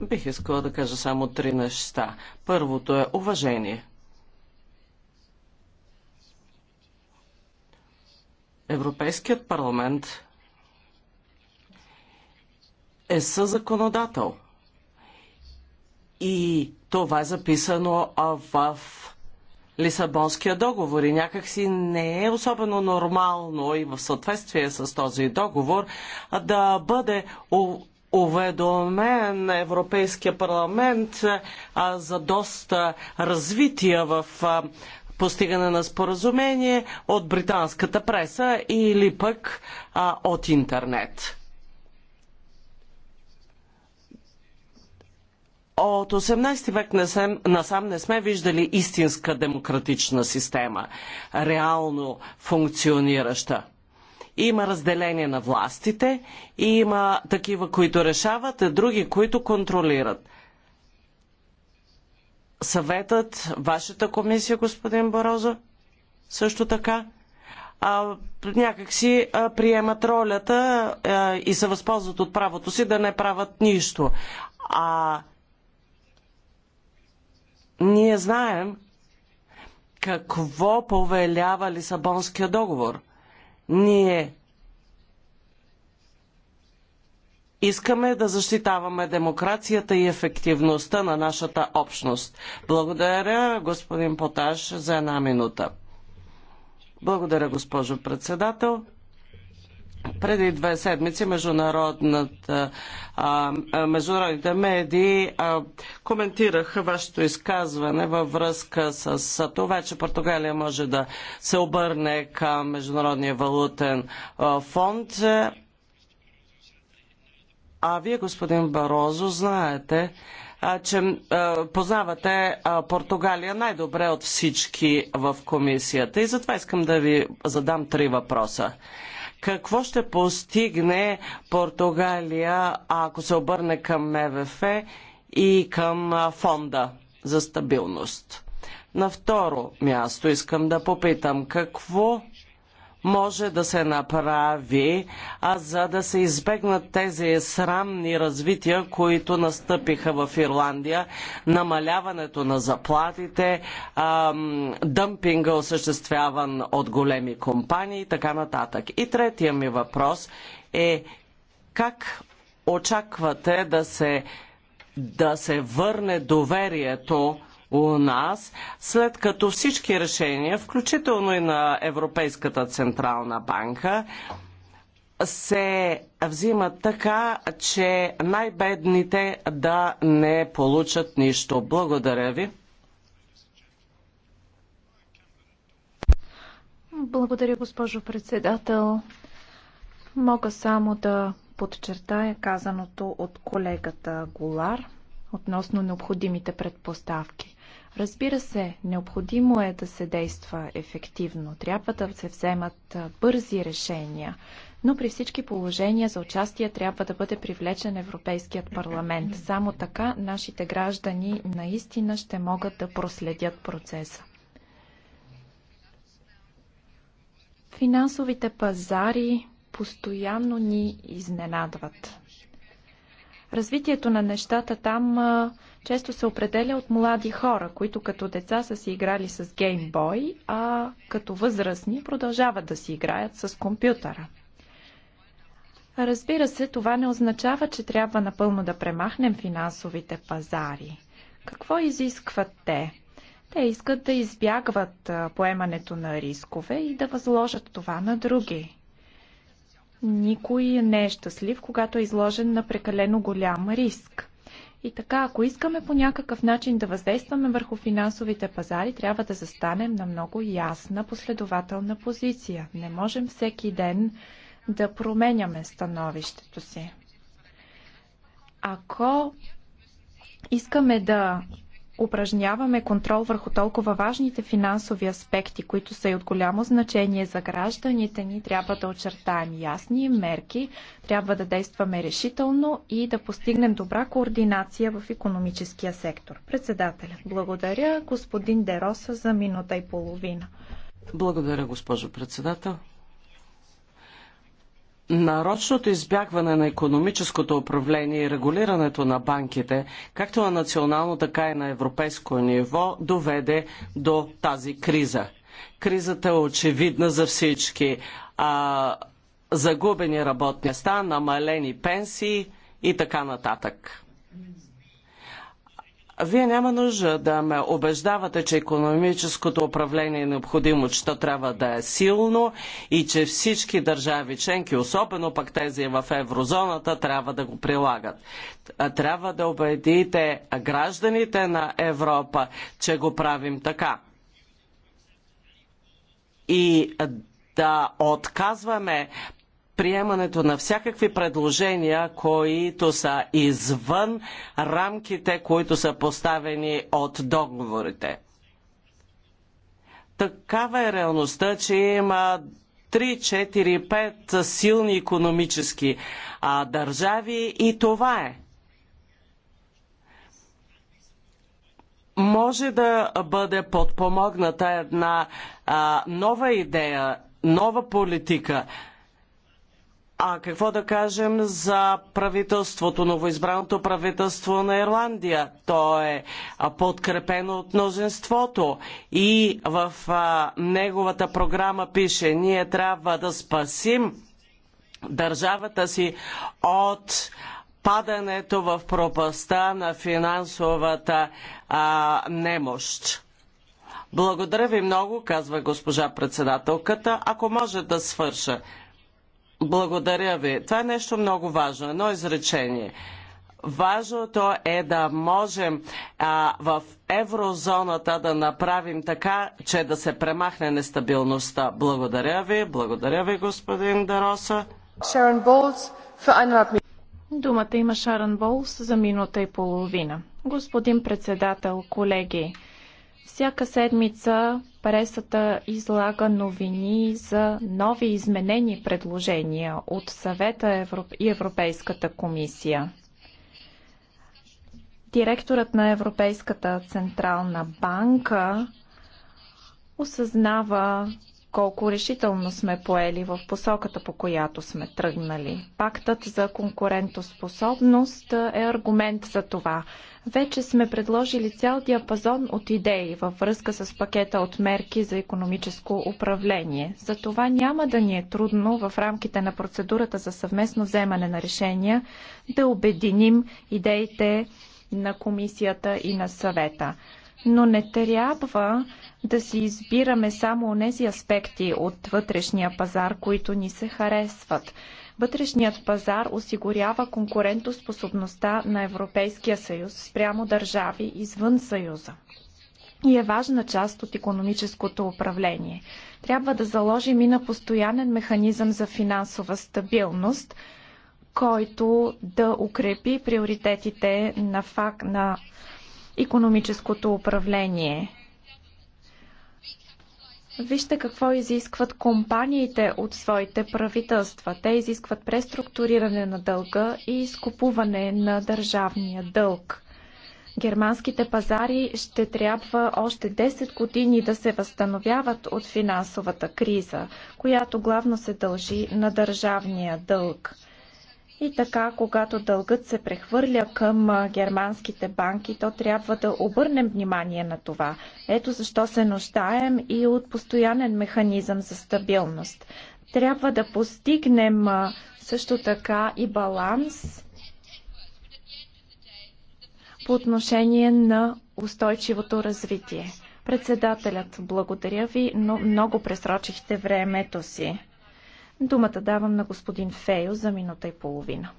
Бих искала да кажа само три неща. Първото е уважение. Европейският парламент е съзаконодател. И това е записано в Лисабонския договор и някакси не е особено нормално и в съответствие с този договор да бъде уведомен Европейския парламент а, за доста развития в а, постигане на споразумение от британската преса или пък а, от интернет. От 18 век насам не сме виждали истинска демократична система, реално функционираща. Има разделение на властите, има такива, които решават, а други, които контролират. Съветът, вашата комисия, господин Борозо, също така, а, някакси а, приемат ролята а, и се възползват от правото си да не правят нищо. А ние знаем какво повелява Лисабонския договор. Ние Искаме да защитаваме демокрацията и ефективността на нашата общност. Благодаря, господин Поташ, за една минута. Благодаря, госпожо председател преди две седмици международната, а, международните медии а, коментираха вашето изказване във връзка с, това, че Португалия може да се обърне към Международния валутен а, фонд. А вие, господин Барозо, знаете, а, че а, познавате а, Португалия най-добре от всички в комисията. И затова искам да ви задам три въпроса. Какво ще постигне Португалия, ако се обърне към МВФ и към фонда за стабилност? На второ място искам да попитам какво може да се направи, а за да се избегнат тези срамни развития, които настъпиха в Ирландия, намаляването на заплатите, дъмпинга осъществяван от големи компании и така нататък. И третия ми въпрос е как очаквате да се, да се върне доверието у нас, след като всички решения, включително и на Европейската централна банка, се взимат така, че най-бедните да не получат нищо. Благодаря ви. Благодаря, госпожо председател. Мога само да подчертая казаното от колегата Голар относно необходимите предпоставки. Разбира се, необходимо е да се действа ефективно. Трябва да се вземат бързи решения, но при всички положения за участие трябва да бъде привлечен Европейският парламент. Само така нашите граждани наистина ще могат да проследят процеса. Финансовите пазари постоянно ни изненадват. Развитието на нещата там често се определя от млади хора, които като деца са си играли с геймбой, а като възрастни продължават да си играят с компютъра. Разбира се, това не означава, че трябва напълно да премахнем финансовите пазари. Какво изискват те? Те искат да избягват поемането на рискове и да възложат това на други. Никой не е щастлив, когато е изложен на прекалено голям риск. И така, ако искаме по някакъв начин да въздействаме върху финансовите пазари, трябва да застанем на много ясна, последователна позиция. Не можем всеки ден да променяме становището си. Ако искаме да упражняваме контрол върху толкова важните финансови аспекти, които са и от голямо значение за гражданите ни, трябва да очертаем ясни мерки, трябва да действаме решително и да постигнем добра координация в економическия сектор. Председателя, благодаря господин Дероса за минута и половина. Благодаря, госпожо председател нарочното избягване на економическото управление и регулирането на банките, както на национално, така и на европейско ниво, доведе до тази криза. Кризата е очевидна за всички. А, загубени работни места, намалени пенсии и така нататък. Вие няма нужда да ме убеждавате, че економическото управление е необходимо, че то трябва да е силно и че всички държави членки, особено пък тези в еврозоната, трябва да го прилагат. Трябва да убедите гражданите на Европа, че го правим така. И да отказваме приемането на всякакви предложения, които са извън рамките, които са поставени от договорите. Такава е реалността, че има 3-4-5 силни економически а, държави и това е. Може да бъде подпомогната една а, нова идея, нова политика, а какво да кажем за правителството, новоизбраното правителство на Ирландия? То е подкрепено от мнозинството и в а, неговата програма пише ние трябва да спасим държавата си от падането в пропаста на финансовата а, немощ. Благодаря ви много, казва госпожа председателката. Ако може да свърша. Благодаря ви. Това е нещо много важно. Едно изречение. Важното е да можем а, в еврозоната да направим така, че да се премахне нестабилността. Благодаря ви, благодаря ви, господин Дароса. Шарон Болс, Думата има Шарон Болс за минута и половина. Господин председател, колеги, всяка седмица пресата излага новини за нови изменени предложения от съвета и Европейската комисия. Директорът на Европейската централна банка осъзнава колко решително сме поели в посоката, по която сме тръгнали. Пактът за конкурентоспособност е аргумент за това. Вече сме предложили цял диапазон от идеи във връзка с пакета от мерки за економическо управление. За това няма да ни е трудно в рамките на процедурата за съвместно вземане на решения да обединим идеите на комисията и на съвета но не трябва да си избираме само тези аспекти от вътрешния пазар, които ни се харесват. Вътрешният пазар осигурява конкурентоспособността на Европейския съюз спрямо държави извън съюза и е важна част от економическото управление. Трябва да заложим и на постоянен механизъм за финансова стабилност, който да укрепи приоритетите на, факт на економическото управление. Вижте какво изискват компаниите от своите правителства. Те изискват преструктуриране на дълга и изкупуване на държавния дълг. Германските пазари ще трябва още 10 години да се възстановяват от финансовата криза, която главно се дължи на държавния дълг. И така, когато дългът се прехвърля към германските банки, то трябва да обърнем внимание на това. Ето защо се нуждаем и от постоянен механизъм за стабилност. Трябва да постигнем също така и баланс по отношение на устойчивото развитие. Председателят, благодаря ви, но много пресрочихте времето си. Думата давам на господин Фейо за минута и половина.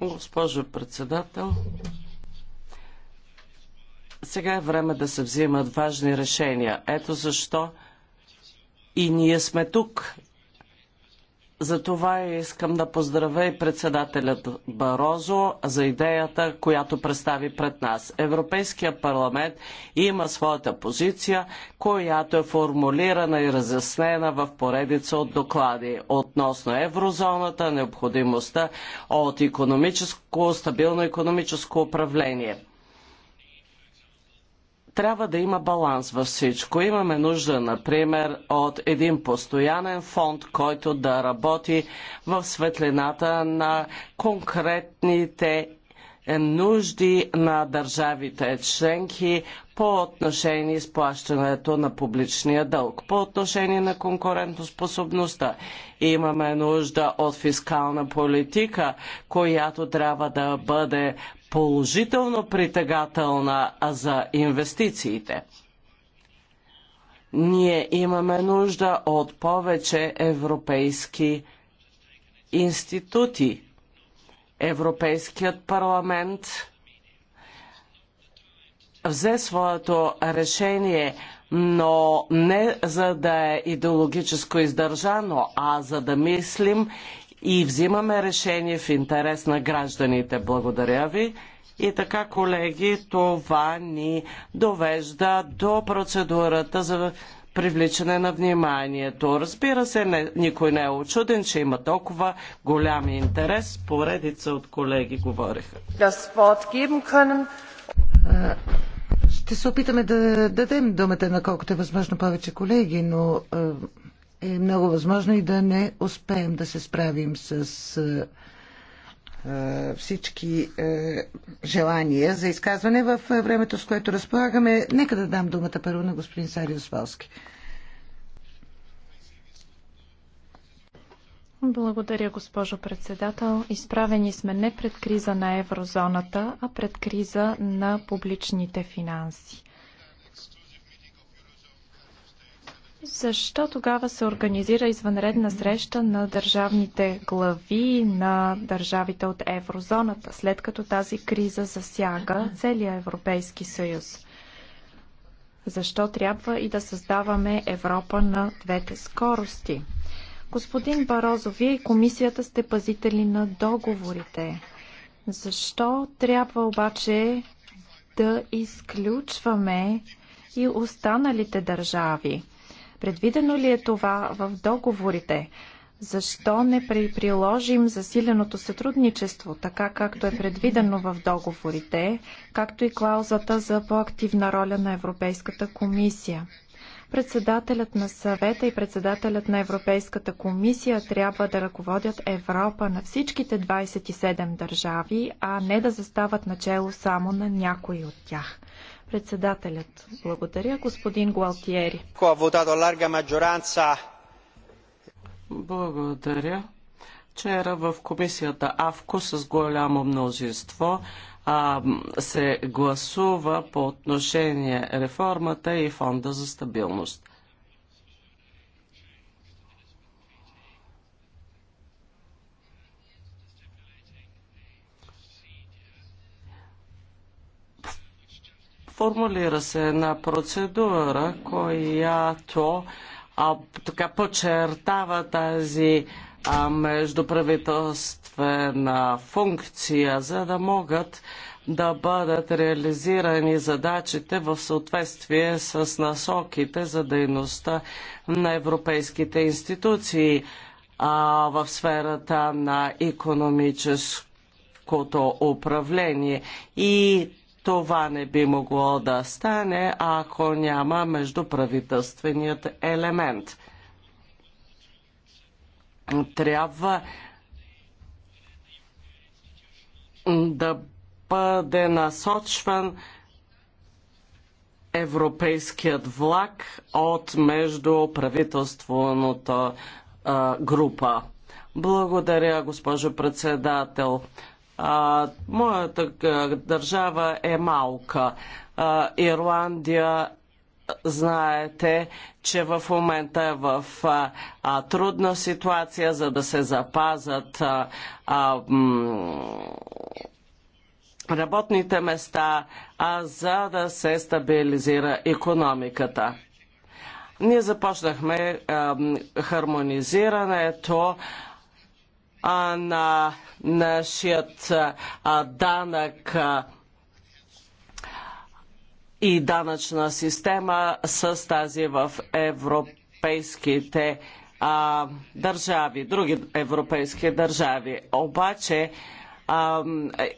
Госпожо председател, сега е време да се взимат важни решения. Ето защо и ние сме тук за това искам да поздравя и председателят Барозо за идеята, която представи пред нас. Европейския парламент има своята позиция, която е формулирана и разяснена в поредица от доклади относно еврозоната, необходимостта от економическо, стабилно економическо управление – трябва да има баланс във всичко. Имаме нужда, например, от един постоянен фонд, който да работи в светлината на конкретните нужди на държавите членки по отношение изплащането на публичния дълг. По отношение на конкурентоспособността имаме нужда от фискална политика, която трябва да бъде положително притегателна за инвестициите. Ние имаме нужда от повече европейски институти. Европейският парламент взе своето решение, но не за да е идеологическо издържано, а за да мислим и взимаме решение в интерес на гражданите. Благодаря ви. И така, колеги, това ни довежда до процедурата за привличане на вниманието. Разбира се, не, никой не е очуден, че има толкова голям интерес. Поредица от колеги говориха. Ще се опитаме да дадем думата на колкото е възможно повече колеги, но е много възможно и да не успеем да се справим с е, е, всички е, желания за изказване в времето, с което разполагаме. Нека да дам думата първо на господин Сариус Валски. Благодаря, госпожо председател. Изправени сме не пред криза на еврозоната, а пред криза на публичните финанси. Защо тогава се организира извънредна среща на държавните глави на държавите от еврозоната, след като тази криза засяга целия Европейски съюз? Защо трябва и да създаваме Европа на двете скорости? Господин Барозо, вие и комисията сте пазители на договорите. Защо трябва обаче да изключваме и останалите държави? Предвидено ли е това в договорите? Защо не приложим засиленото сътрудничество, така както е предвидено в договорите, както и клаузата за по-активна роля на Европейската комисия? Председателят на съвета и председателят на Европейската комисия трябва да ръководят Европа на всичките 27 държави, а не да застават начало само на някои от тях. Председателят. Благодаря, господин Гуалтиери. Благодаря. Вчера в комисията АВКО с голямо мнозинство а, се гласува по отношение реформата и фонда за стабилност. Формулира се една процедура, която а, така подчертава тази а, междуправителствена функция, за да могат да бъдат реализирани задачите в съответствие с насоките за дейността на европейските институции а, в сферата на економическото управление. И това не би могло да стане, ако няма междуправителственият елемент. Трябва да бъде насочван европейският влак от междуправителствената група. Благодаря, госпожо председател. А, моята държава е малка. А, Ирландия знаете, че в момента е в а, а, трудна ситуация, за да се запазат а, а, работните места, а за да се стабилизира економиката. Ние започнахме а, хармонизирането а, на нашият а, данък а, и данъчна система с тази в европейските а, държави, други европейски държави. Обаче, а,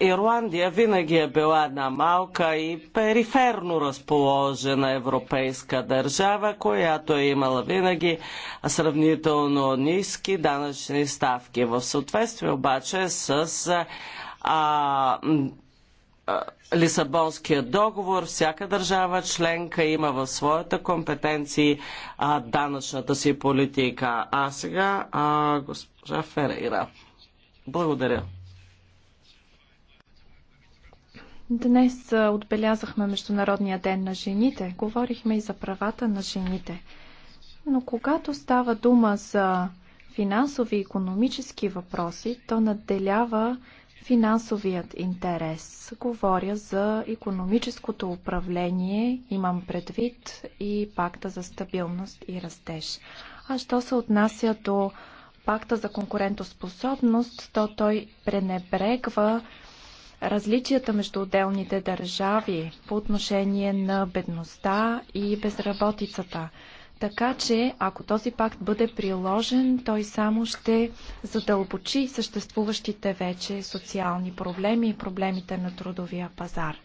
Ирландия винаги е била една малка и периферно разположена европейска държава, която е имала винаги сравнително ниски данъчни ставки. В съответствие обаче с а, Лисабонския договор, всяка държава членка има в своята компетенции а, данъчната си политика. А сега а, госпожа Ферейра. Благодаря. Днес отбелязахме Международния ден на жените. Говорихме и за правата на жените. Но когато става дума за финансови и економически въпроси, то надделява финансовият интерес. Говоря за економическото управление, имам предвид и пакта за стабилност и растеж. А що се отнася до пакта за конкурентоспособност, то той пренебрегва различията между отделните държави по отношение на бедността и безработицата. Така че, ако този пакт бъде приложен, той само ще задълбочи съществуващите вече социални проблеми и проблемите на трудовия пазар.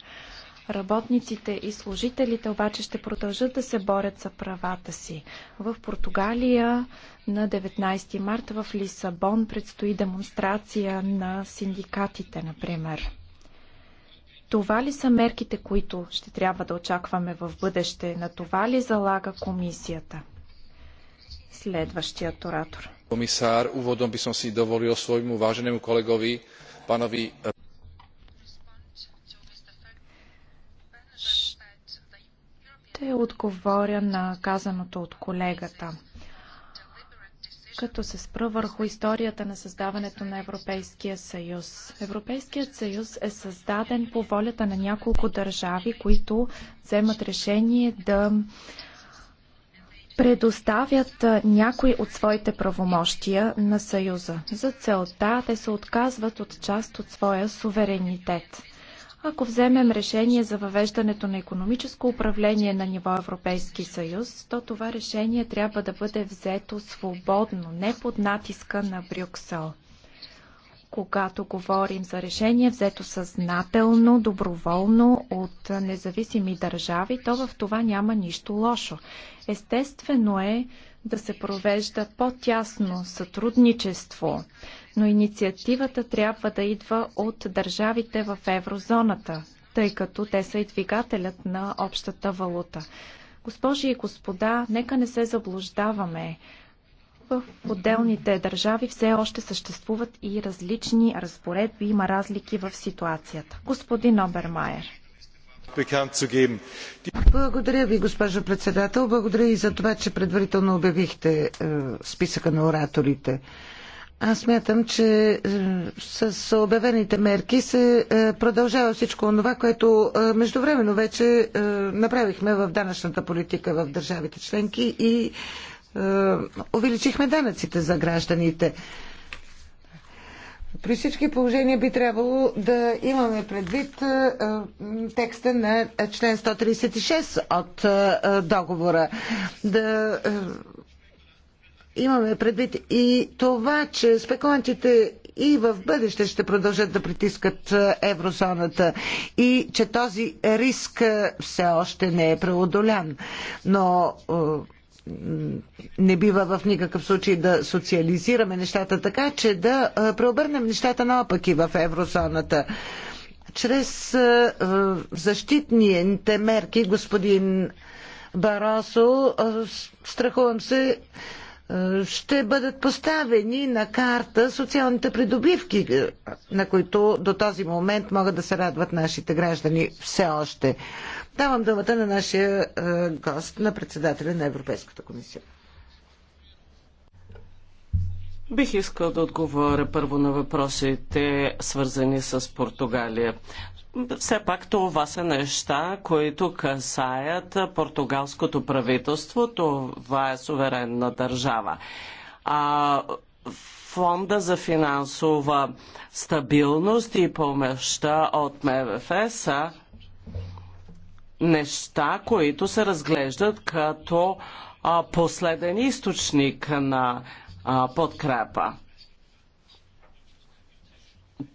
Работниците и служителите обаче ще продължат да се борят за правата си. В Португалия на 19 марта в Лисабон предстои демонстрация на синдикатите, например. Това ли са мерките, които ще трябва да очакваме в бъдеще? На това ли залага комисията? Следващият оратор. Комисар, уводом би съм си доволил своему важенemu колегови, панови... Ще отговоря на казаното от колегата като се спра върху историята на създаването на Европейския съюз. Европейският съюз е създаден по волята на няколко държави, които вземат решение да предоставят някои от своите правомощия на Съюза. За целта те се отказват от част от своя суверенитет. Ако вземем решение за въвеждането на економическо управление на ниво Европейски съюз, то това решение трябва да бъде взето свободно, не под натиска на Брюксел. Когато говорим за решение, взето съзнателно, доброволно от независими държави, то в това няма нищо лошо. Естествено е да се провежда по-тясно сътрудничество но инициативата трябва да идва от държавите в еврозоната, тъй като те са и двигателят на общата валута. Госпожи и господа, нека не се заблуждаваме. В отделните държави все още съществуват и различни разпоредби, има разлики в ситуацията. Господин Обермайер. Благодаря ви, госпожо председател. Благодаря и за това, че предварително обявихте е, списъка на ораторите. Аз мятам, че е, с обявените мерки се е, продължава всичко това, което е, междувременно вече направихме в данъчната политика в държавите членки и увеличихме данъците за гражданите. При всички положения би трябвало да имаме предвид текста на член 136 от договора. Да имаме предвид и това, че спекулантите и в бъдеще ще продължат да притискат е, еврозоната и че този риск е, все още не е преодолян. Но е, не бива в никакъв случай да социализираме нещата така, че да преобърнем нещата наопаки в еврозоната. Чрез защитните мерки, господин Баросо, страхувам се, ще бъдат поставени на карта социалните придобивки, е, на които до този момент могат да се радват нашите граждани все още. Давам думата на нашия е, гост, на председателя на Европейската комисия. Бих искал да отговоря първо на въпросите, свързани с Португалия все пак това са неща, които касаят португалското правителство. Това е суверенна държава. А, фонда за финансова стабилност и помощта от МВФ са неща, които се разглеждат като а, последен източник на а, подкрепа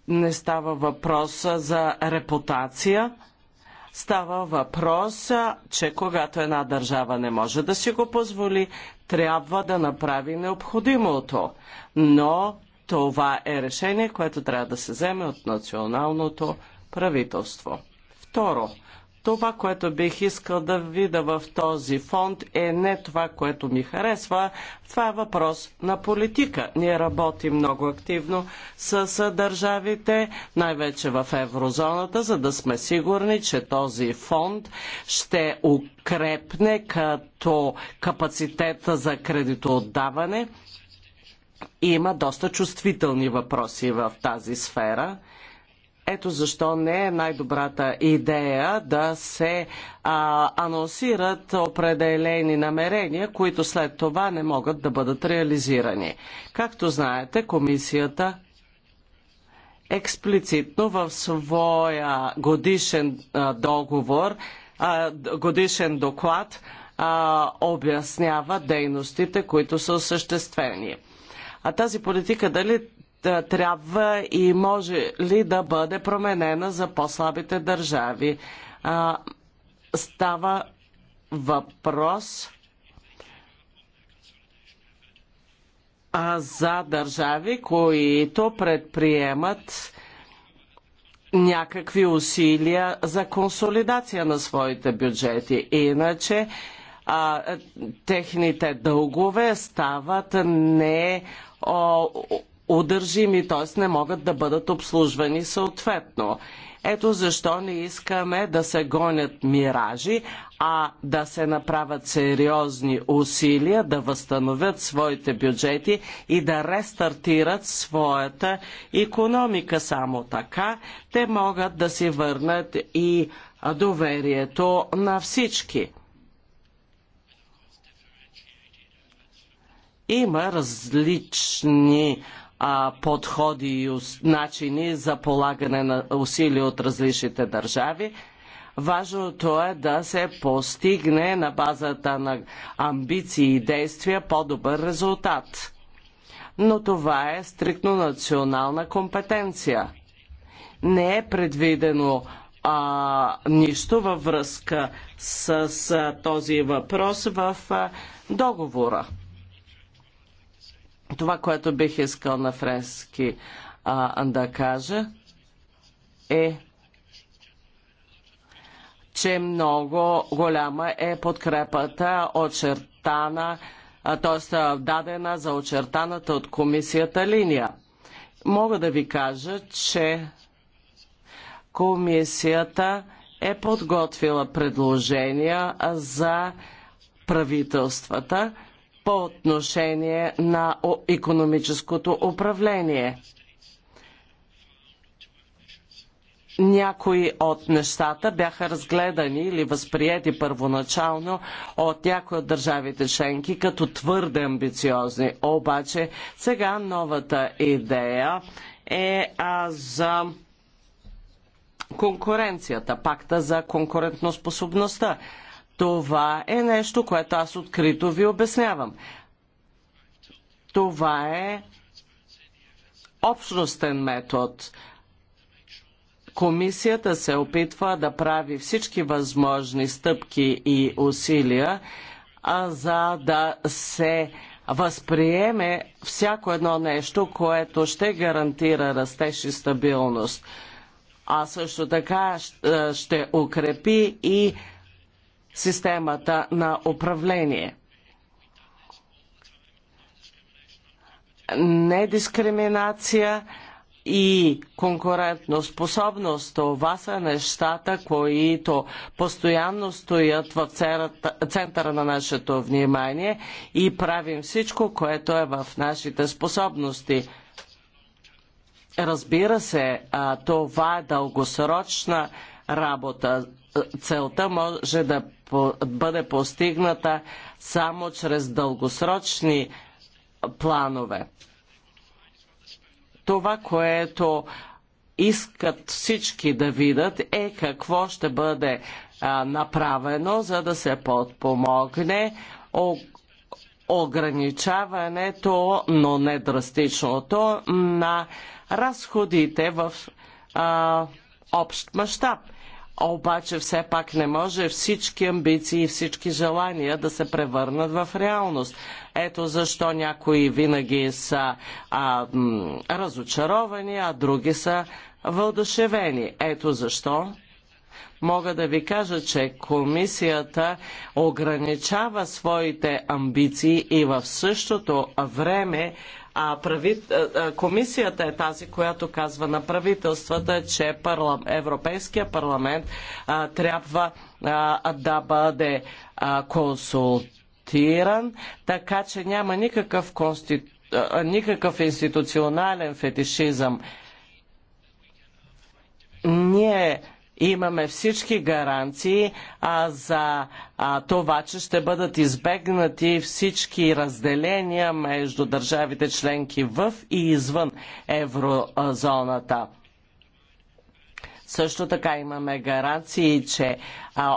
не става въпрос за репутация, става въпрос, че когато една държава не може да си го позволи, трябва да направи необходимото. Но това е решение, което трябва да се вземе от националното правителство. Второ, това, което бих искал да видя в този фонд е не това, което ми харесва. Това е въпрос на политика. Ние работим много активно с държавите, най-вече в еврозоната, за да сме сигурни, че този фонд ще укрепне като капацитета за кредитоотдаване. Има доста чувствителни въпроси в тази сфера ето защо не е най-добрата идея да се а, анонсират определени намерения, които след това не могат да бъдат реализирани. Както знаете, комисията експлицитно в своя годишен а, договор, а, годишен доклад а, обяснява дейностите, които са осъществени. А тази политика дали е, трябва и може ли да бъде променена за по-слабите държави. А, е, става въпрос а, за държави, които предприемат някакви усилия за консолидация на своите бюджети. Иначе а, техните дългове стават не удържими, т.е. не могат да бъдат обслужвани съответно. Ето защо не искаме да се гонят миражи, а да се направят сериозни усилия да възстановят своите бюджети и да рестартират своята економика. Само така те могат да си върнат и доверието на всички. Има различни а, подходи и начини за полагане на усилия от различните държави. Важното е да се постигне на базата на амбиции и действия по-добър резултат. Но това е стрикно национална компетенция. Не е предвидено а, нищо във връзка с а, този въпрос в а, договора. Това, което бих искал на френски а, да кажа е че много голяма е подкрепата очертана, т.е. дадена за очертаната от комисията линия. Мога да ви кажа, че комисията е подготвила предложения за правителствата, по отношение на економическото управление. Някои от нещата бяха разгледани или възприяти първоначално от някои от държавите членки като твърде амбициозни. Обаче сега новата идея е а, за конкуренцията, пакта за конкурентноспособността. Това е нещо, което аз открито ви обяснявам. Това е общностен метод. Комисията се опитва да прави всички възможни стъпки и усилия, а за да се възприеме всяко едно нещо, което ще гарантира растеж и стабилност. А също така ще укрепи и системата на управление. Недискриминация и конкурентоспособност. Това са нещата, които постоянно стоят в центъра на нашето внимание и правим всичко, което е в нашите способности. Разбира се, това е дългосрочна работа. Целта може да бъде постигната само чрез дългосрочни планове. Това, което искат всички да видят е какво ще бъде а, направено, за да се подпомогне ограничаването, но не драстичното, на разходите в а, общ мащаб обаче все пак не може всички амбиции и всички желания да се превърнат в реалност. Ето защо някои винаги са а, м, разочаровани, а други са вълдушевени. Ето защо мога да ви кажа, че комисията ограничава своите амбиции и в същото време а, комисията е тази, която казва на правителствата, че парла, Европейския парламент а, трябва а, да бъде а, консултиран, така че няма никакъв, конститу... а, никакъв институционален фетишизъм. Ние имаме всички гаранции а, за а, това, че ще бъдат избегнати всички разделения между държавите членки в и извън еврозоната. Също така имаме гаранции, че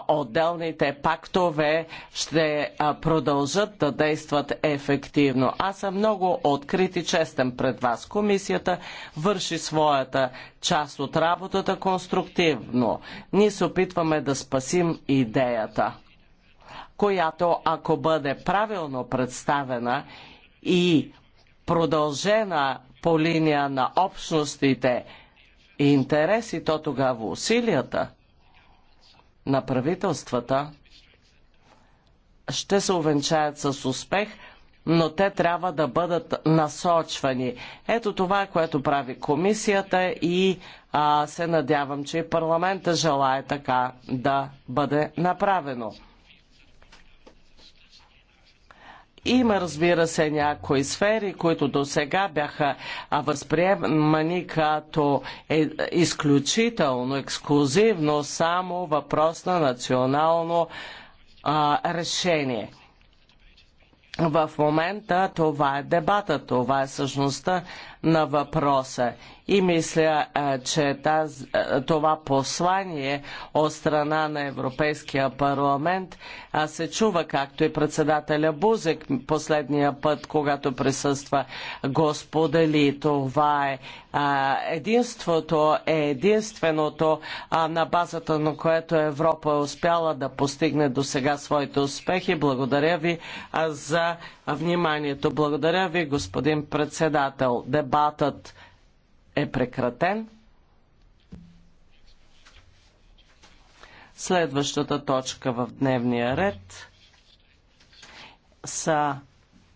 отделните пактове ще продължат да действат ефективно. Аз съм много открит и честен пред вас. Комисията върши своята част от работата конструктивно. Ние се опитваме да спасим идеята, която ако бъде правилно представена и продължена по линия на общностите, Интерес и то тогава усилията на правителствата ще се увенчаят с успех, но те трябва да бъдат насочвани. Ето това, е, което прави комисията и а, се надявам, че и парламента желая така да бъде направено. Има, разбира се, някои сфери, които до сега бяха възприемани като е, изключително, ексклюзивно, само въпрос на национално а, решение. В момента това е дебата, това е същността на въпроса. И мисля, е, че таз, е, това послание от страна на Европейския парламент а се чува, както и председателя Бузек последния път, когато присъства господели. Това е а, единството, е единственото а, на базата на което Европа е успяла да постигне до сега своите успехи. Благодаря ви а, за вниманието. Благодаря ви, господин председател. Дебатът е прекратен. Следващата точка в дневния ред са